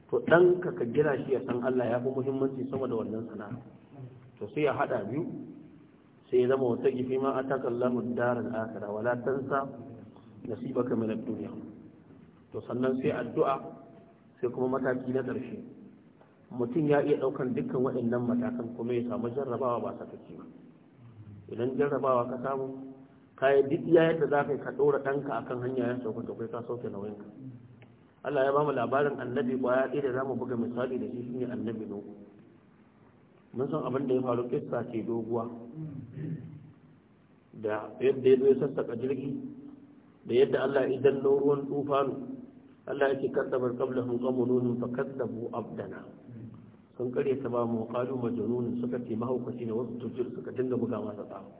[SPEAKER 1] to ɗanka ka gina shi ya san Allah ya fi muhimmanci sama da wannan sana'a to sai ya haɗa biyu sai ya zama wata gifi ma a ataka Allahu daral akhirah wala tansa nasibaka min ad-dunya to sannan sai addu'a sai kuma mataki na ƙarshe mutum ya iya ɗaukar dukkan waɗannan matakan kuma ya samu jarrabawa ba sakaci ba idan jarrabawa ka samu kayi duk yayin da za ka ka ɗora ɗanka a hanya ya sauka da kai ka sauke nauyinka Allah ya bamu labarin annabi kwaya ɗaya da zamu buga misali da shi shine annabi nuhu mun san abin da ya faru kissa ce doguwa da yadda ya zo ya sassaka jirgi da yadda Allah ya idan ruwan tufanu Allah ya kabla kaddabar qablahum qawmun fa kaddabu abdana sun kare ta ba mu qalu majnun suka ce mahaukaci ne wasu tujir suka dinga buga masa tsawo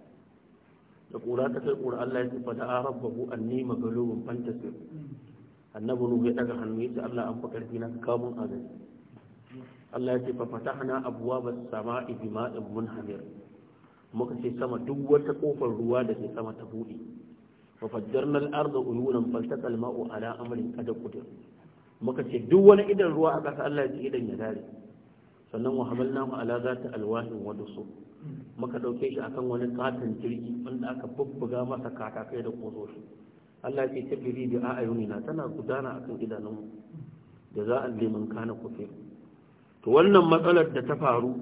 [SPEAKER 1] da kura ta kai kura Allah ya tafi da rabbahu anni maghlubun fantasir annabi nuhu ya daga hannu yace Allah an fa karfi na kawo mun azan Allah ya ce fa fatahna abwaba as-sama'i bima'in munhamir muka ce sama duk wata kofar ruwa da ke sama ta bude fa fajjarna al-arda uyunan faltaqa al-ma'u ala amrin qad qadir muka ce duk wani idan ruwa a ƙasa Allah ya ce idan ya dare sannan wa hamalna mu ala zati alwahin wa dusu muka dauke shi akan wani katon jirgi wanda aka bubbuga masa katakai da kososhi Allah ke tabiri bi a ayunina tana gudana a kan idanunmu da za a neman kana kufir to wannan matsalar da ta faru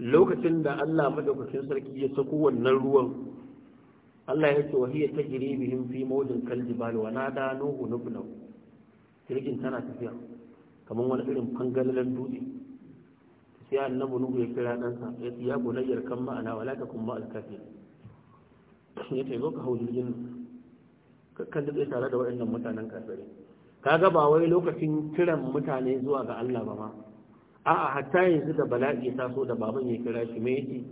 [SPEAKER 1] lokacin da Allah madaukakin sarki ya sako wannan ruwan Allah ya ce wahiyar ta jiri bihim fi mawjin kaljibal wa nada nuhu nubnu jirgin tana tafiya kamar wani irin fangalalan dutse sai annabi nuhu ya kira ɗansa ya ce ya bunayyar kan ma'ana wala takum ma'al kafir ya ce zo ka hau jirgin kan daɗe tare da waɗannan mutanen Ka kaga ba wai lokacin kiran mutane zuwa ga Allah ba ma a'a hatta yanzu da bala'i ta so da baban ya kira shi mai yace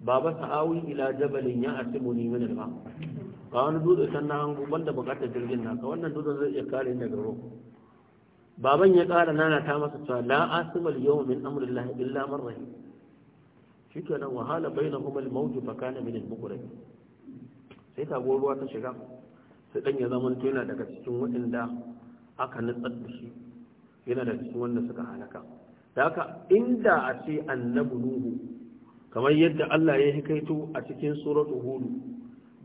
[SPEAKER 1] baba sa'awi ila jabalin ya ni min al-ma ga wani dutse san na hango banda bukatar jirgin na, ka wannan dutsen zai iya kare ni daga ruwa baban ya kara nana ta masa cewa la asima al-yawma min amrillahi illa man rahim shikenan wahala bainahum al-mawj fa kana min al sai ta ruwa ta shiga ɗan ya zama yana daga cikin waɗanda aka nutsar da shi yana daga cikin wanda suka halaka da haka inda a ce annabi nuhu kamar yadda Allah ya hikaito a cikin suratu hudu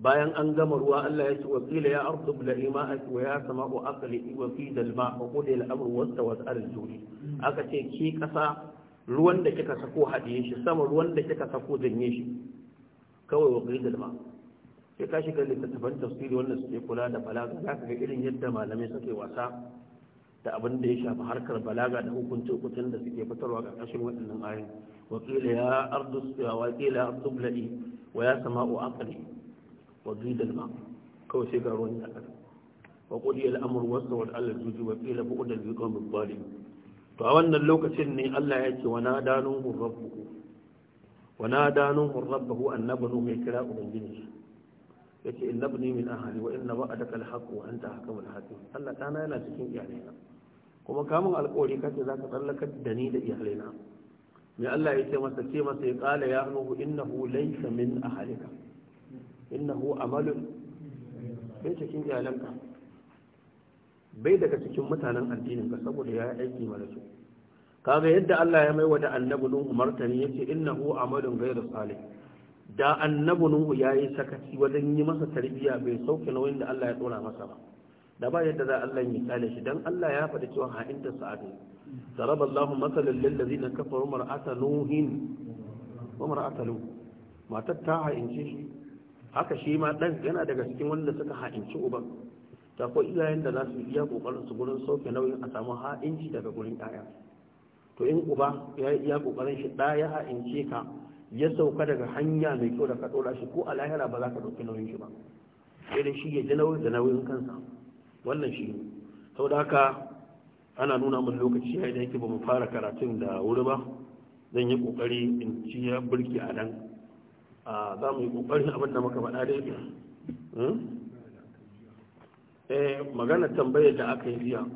[SPEAKER 1] bayan an gama ruwa Allah ya ce wa qila ya ardu bla'i ma'aki wa ya sama'u aqli wa fi dalma wa al amru wastawat al juri aka ce ki kasa ruwan da kika sako hadiye shi sama ruwan da kika sako janye shi kawai wa qila sai ka shiga littattafan tafsiri wanda suke kula da balaga za ka ga irin yadda malamai suke wasa da abin da ya shafi harkar balaga da hukunci hukuncin da suke fitarwa a ƙarƙashin waɗannan ayin wakila ya ardu wakila ya ardu bladi wa ya sama'u aqli wa zidal ma kawai sai ga ruwan yakar wa qudi al amru wasa wa al juju wa qila bu'da al qawm al zalim to a wannan lokacin ne Allah ya ce wa nadanu rabbuhu wa nadanu rabbuhu annabu mai kira ubangiji yace inna ibni min ahli wa inna ba'daka al-haq wa anta hakamul hakim Allah dana yana cikin iyalaina kuma kamun alƙawari kace zaka tsallakar da ni da iyalaina mai Allah ya ce masa ce masa ya kala ya nuhu innahu laysa min ahlika innahu amalun bai cikin iyalanka bai daga cikin mutanen addinin ka saboda ya aiki mara su kaga yadda Allah ya maiwa da annabi Nuhu martani yace innahu amalun ghayru salih da annabi ya yayi sakaci wajen yi masa tarbiyya bai sauke nauyin da Allah ya tsora masa ba da ba yadda za Allah ya kale shi dan Allah ya faɗi cewa ha inda sa'adu daraba Allahu masalan lil ladina kafaru mar'ata nuhin wa mar'ata lu matar ta ha'ince shi haka shi ma dan yana daga cikin wanda suka ha'inci uban ta ko iyayen da za su iya kokarin su gurin sauke nauyin a samu ha'inci daga gurin ɗaya to in uba ya iya kokarin shi ɗaya ha'ince ka ya sauka daga hanya mai kyau da ka ɗora shi ko a lahira ba za ka ɗauki nauyin shi ba Sai da shi ya ji nauyin da nauyin kansa wannan shi sau da haka ana nuna mun lokaci ya yi da yake ba mu fara karatun da wuri ba zan yi kokari in ci ya burki a nan za mu yi ƙoƙarin abin da muka faɗa da yake hmm? eh magana tambayar da aka yi biya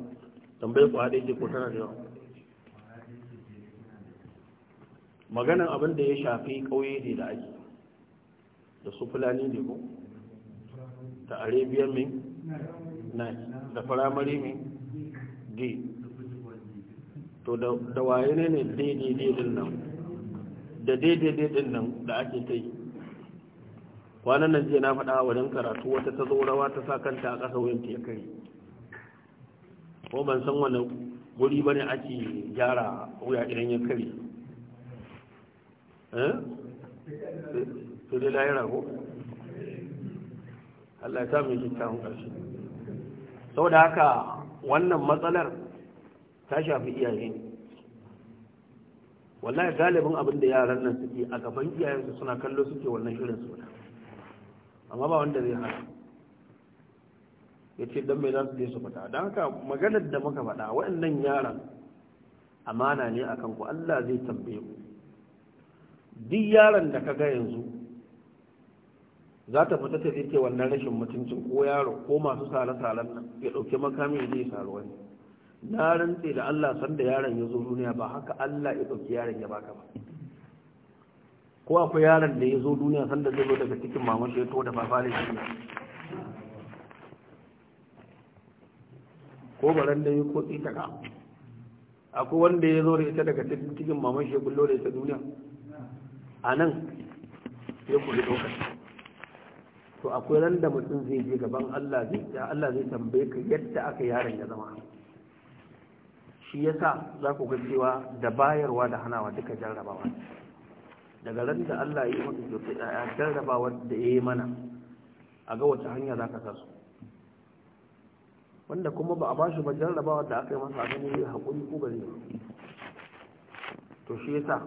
[SPEAKER 1] tambayar ku haɗe ce ko tana da yawa maganan abin da ya shafi ƙauye ne da ake da su fulani ne ko da arabian min na da firamare min d to da waye ne ne daidai din nan da daidai din nan da ake ta yi kwanan nan jiya na faɗa wajen karatu wata ta zo rawa ta sa kanta a ƙasa wuyanta ya kai ko ban san wani guri bane ake gyara wuya idan ya kare Eh? to dai lahira rago? Allah ya samu kyakkyawan ƙarshe da haka wannan matsalar ta shafi iyaye ne wallahi galibin abin da yaran nan suke a gaban iyayensu suna kallo suke wannan shirin su amma ba wanda zai hana ya ce don mai za su je su fita don haka maganar da muka faɗa waɗannan yaran amana ne akan ku Allah zai tambaye ku duk yaron da ka ga yanzu za ta fita ta ce wannan rashin mutuncin ko yaro ko masu sale-salen nan ya ɗauki makami ya je sare wani na rantse da Allah san da yaron ya zo duniya ba haka Allah ya ɗauki yaron ya baka ba ko akwai yaron da ya zo duniya san da zai zo daga cikin da ya to da fafare shi ne ko baran da ya ta ka akwai wanda ya zo da ita daga cikin mamar shi ya da ita duniya a nan ya kuri ɗaukar to akwai ran da mutum zai je gaban Allah zai Allah zai tambaye ka yadda aka yaron ya zama shi yasa za ku ga cewa da bayarwa da hanawa duka jarrabawa daga ran da Allah ya yi maka kyauta da jarrabawa da ya yi mana a ga wace hanya za ka sasu wanda kuma ba a ba shi ba jarrabawa da aka yi masa a ganin haƙuri ko ba zai to shi yasa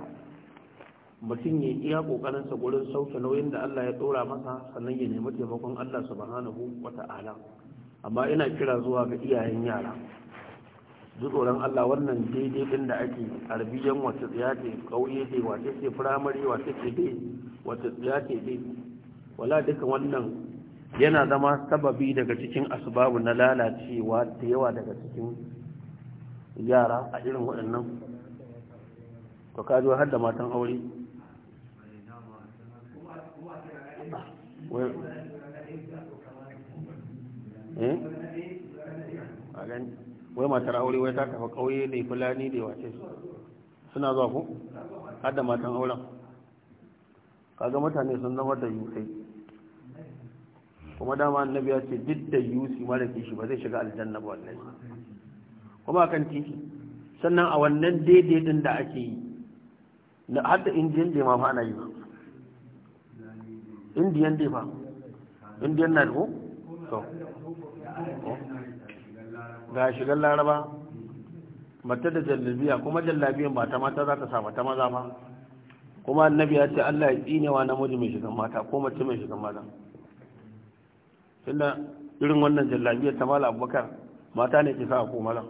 [SPEAKER 1] mutum ya iya kokarinsa gurin sauke nauyin da Allah ya ɗora masa sannan ya nemi taimakon Allah subhanahu wata'ala amma ina kira zuwa ga iyayen yara ji tsoron Allah wannan daidai din da ake arbiyan wata tsiya ce kauye ce wace ce firamare wace ce dai wata tsiya dai wala duka wannan yana zama sababi daga cikin asbabu na lalacewa da yawa daga cikin yara a irin waɗannan to kaji har da matan aure Eh? wai matar aure wai ta kafa kauye da fulani da wace su suna zuwa ku har da matan auren kaga mutane sun zama da yusai kuma dama annabi ya ce duk da yusi mara kishi ba zai shiga aljanna ba wallahi kuma kan titi sannan a wannan daidai din da ake yi na har da injin da ma fa ana yi indiyan dai ba indiyan na ko to ga shigar laraba mata da jallabiya kuma jallabiyan ba ta mata za ta sa ta maza ba kuma annabi ya ce Allah ya tsinewa namiji mai shigan mata ko mace mai shigan maza tunda irin wannan jallabiyar ta mala abubakar mata ne ke sa ko mala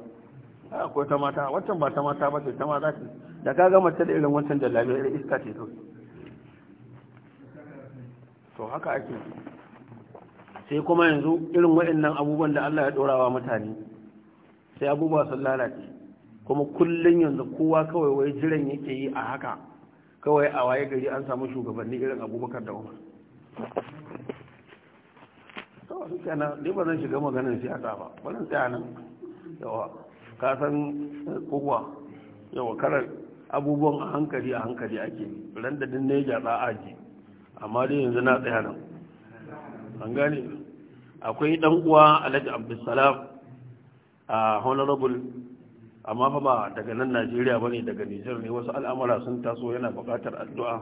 [SPEAKER 1] akwai ta mata wancan ba ta mata ba ce ta mata ce da kaga mace da irin wancan jallabiyar iska ce to to haka ake sai kuma yanzu irin waɗannan abubuwan da Allah ya ɗorawa mutane sai abubuwa sun lalace kuma kullum yanzu kowa kawai wai jiran yake yi a haka kawai a waye gari an samu shugabanni irin abubakar da umar kawai suke na ne ba zan shiga maganin siyasa ba wannan tsaya nan yawa ka san eh, kowa yawa karar abubuwan a hankali a hankali ake ran da din ne ya a aji amma dai yanzu na tsaya nan an gane akwai dan uwa alhaji abdulsalam a honorable amma fa ba daga nan najeriya ba ne daga nijar ne wasu al'amura sun taso yana buƙatar addu'a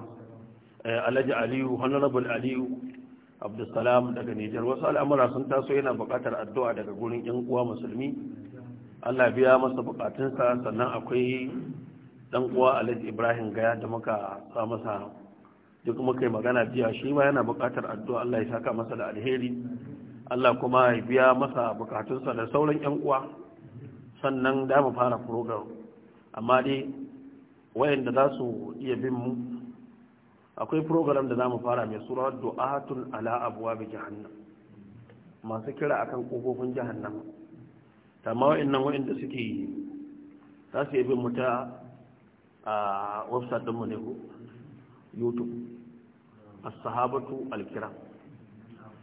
[SPEAKER 1] eh, alhaji aliyu honorable aliyu abdulsalam daga nijar wasu al'amura sun taso yana buƙatar addu'a daga gurin yan uwa musulmi allah biya masa buƙatunsa sannan akwai dan uwa alhaji ibrahim gaya da muka sa masa da kuma kai magana jiya shi ma yana buƙatar addu'a Allah ya saka masa da alheri Allah kuma ya biya masa bukatunsa da sauran ƴan uwa sannan da mu fara program amma dai wayanda za su iya bin mu akwai program da za mu fara mai sura du'atun ala abuwa bi jahannam masu kira akan kofofin jahannam amma wayannan wayanda suke za su iya bin mu ta a ah, website ɗinmu ne ko youtube as-sahabatu al-kiram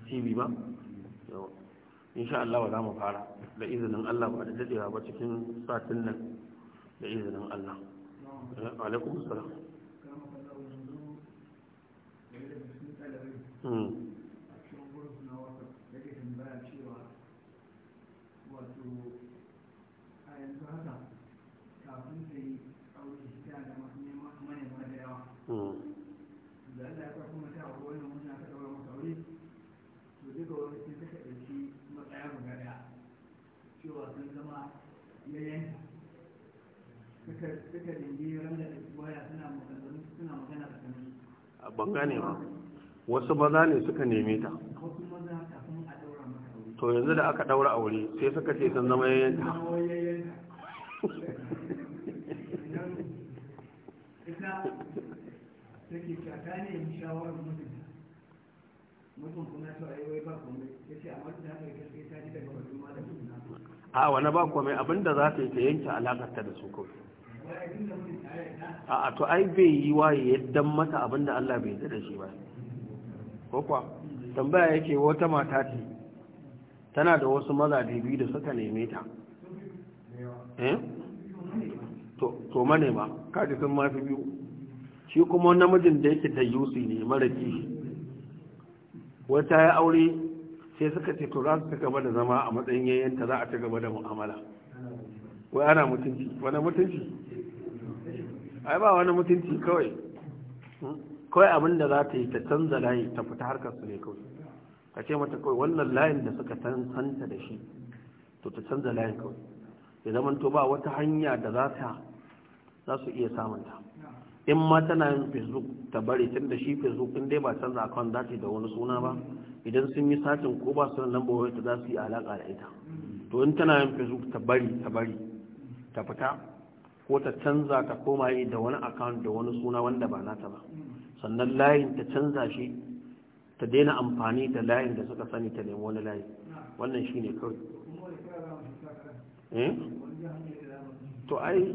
[SPEAKER 1] TV ba insha Allah za mu fara da izinin Allah ba da dadewa ba cikin satin nan da izinin Allah eh, alaikum A daidai wasu maza ne suka neme ta to yanzu da aka daura aure sai suka ce sun zama yayyanta a wani ba komai abinda za ta yi ta yanke alakarta da su kawai a to ai bai yi wa yadda mata abinda Allah bai yarda da shi ba ko kuwa tambaya yake wata mata ce tana da wasu mazaje biyu da suka neme ta eh to ka ji sun mafi biyu shi kuma namijin da yake tayyusi ne mara ki wata ya aure sai suka ce to za su ci gaba da zama a matsayin yayyanta za a ci gaba da mu'amala wai ana mutunci wani mutunci ai ba wani mutunci kawai kawai abin da za ta yi ta canza layi ta fita harkar su ne kawai ka ce mata kawai wannan layin da suka tantanta da shi to ta canza layin kawai ya zama to ba wata hanya da za ta za su iya samunta in ma tana yin facebook ta bari tun da shi facebook in dai ba canza akawun za ta yi da wani suna ba idan sun yi satin ko ba su nan lamba wata za su yi alaƙa da ita to in tana yin facebook ta bari ta bari ta fita ko ta canza ta koma yi da wani account da wani suna wanda ba nata ba sannan layin ta canza shi ta daina amfani da layin da suka sani ta nemi wani layi wannan shi ne kawai eh? to ai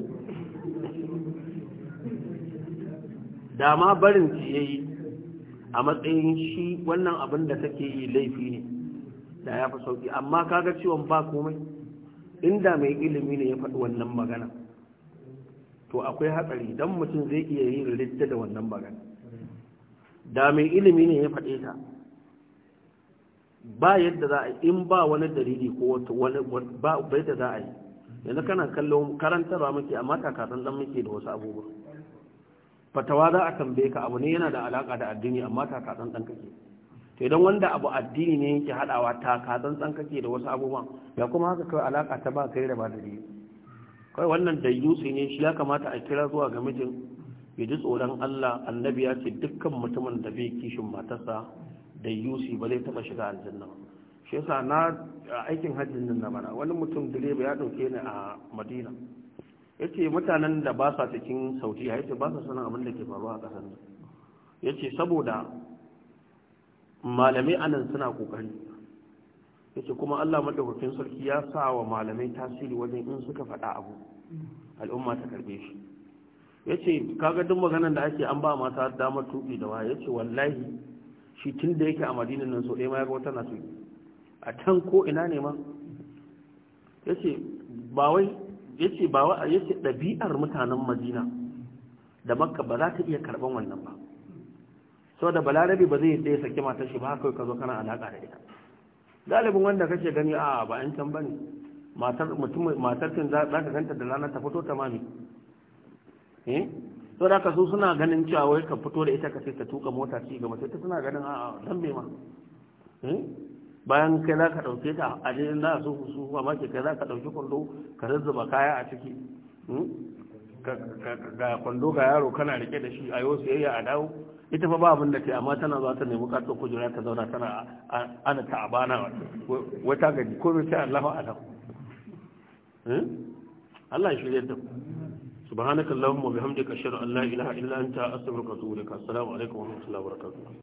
[SPEAKER 1] dama barin ci yayi a matsayin shi wannan abin da take yi laifi ne da ya fi sauki amma kaga ciwon ba komai inda mai ilimi ne ya faɗi wannan magana to akwai hatsari dan mutum zai iya yin ridda da wannan magana da mai ilimi ne ya faɗe ta ba yadda za a in ba wani dalili ko wani ba yadda za a yi yanzu kana kallo karantarwa muke amma kakasan dan muke da wasu abubuwa fatawa za a tambaye ka abu ne yana da alaka da addini amma kakasan dan kake to idan wanda abu addini ne yake hadawa takasan dan kake da wasu abubuwa ya kuma haka kawai alaka ta ba kai da ba dalili kai wannan dayyusi ne shi ya kamata a kira zuwa ga mijin ya ji tsoron Allah annabi ya ce dukkan mutumin da bai kishin matarsa dayyusi ba zai taba shiga aljanna shi yasa na aikin hajjin nan na mana wani mutum direba ya dauke ni a Madina yace mutanen da ba sa cikin ya yace ba sa sanin abin da ke faruwa a kasar nan yace saboda malamai anan suna kokari yace kuma Allah madaukakin sarki ya sa wa malamai tasiri wajen in suka faɗa abu al'umma ta karbe shi yace kaga duk maganar da ake an ba mata damar tuki da waya yace wallahi shi tun da yake a madina nan so ɗaya ma ya ga wata na tuki a can ko ina ne ma yace ba wai yace ba wai yace ɗabi'ar mutanen Madina da Makka ba za ta iya karban wannan ba saboda balarabe ba zai ɗaya saki matar shi ba haka ka zo kana alaka da ita galibin wanda kake gani a ba yan can bane matar mutum matar kin za ka ganta da rana ta fito ta mami eh to da ka so suna ganin cewa wai ka fito da ita ka sai ta tuka mota ci gaba sai ta suna ganin a dan me ma eh bayan kai za ka dauke ta a je za so su ma ke kai za ka dauki kwando ka rarraba kaya a ciki hmm? ga kwando ga yaro kana rike da shi a yau sayayya a dawo ita fa ba abin da ta amma tana za ta nemi katon kujera ta zauna tana ana ta abana wata gaji ko bai sai Allah ala eh? Allah ya shirye ta subhanakallahumma wa bihamdika ashhadu an la ilaha illa anta astaghfiruka wa atubu ilaik assalamu alaikum wa rahmatullahi wa barakatuh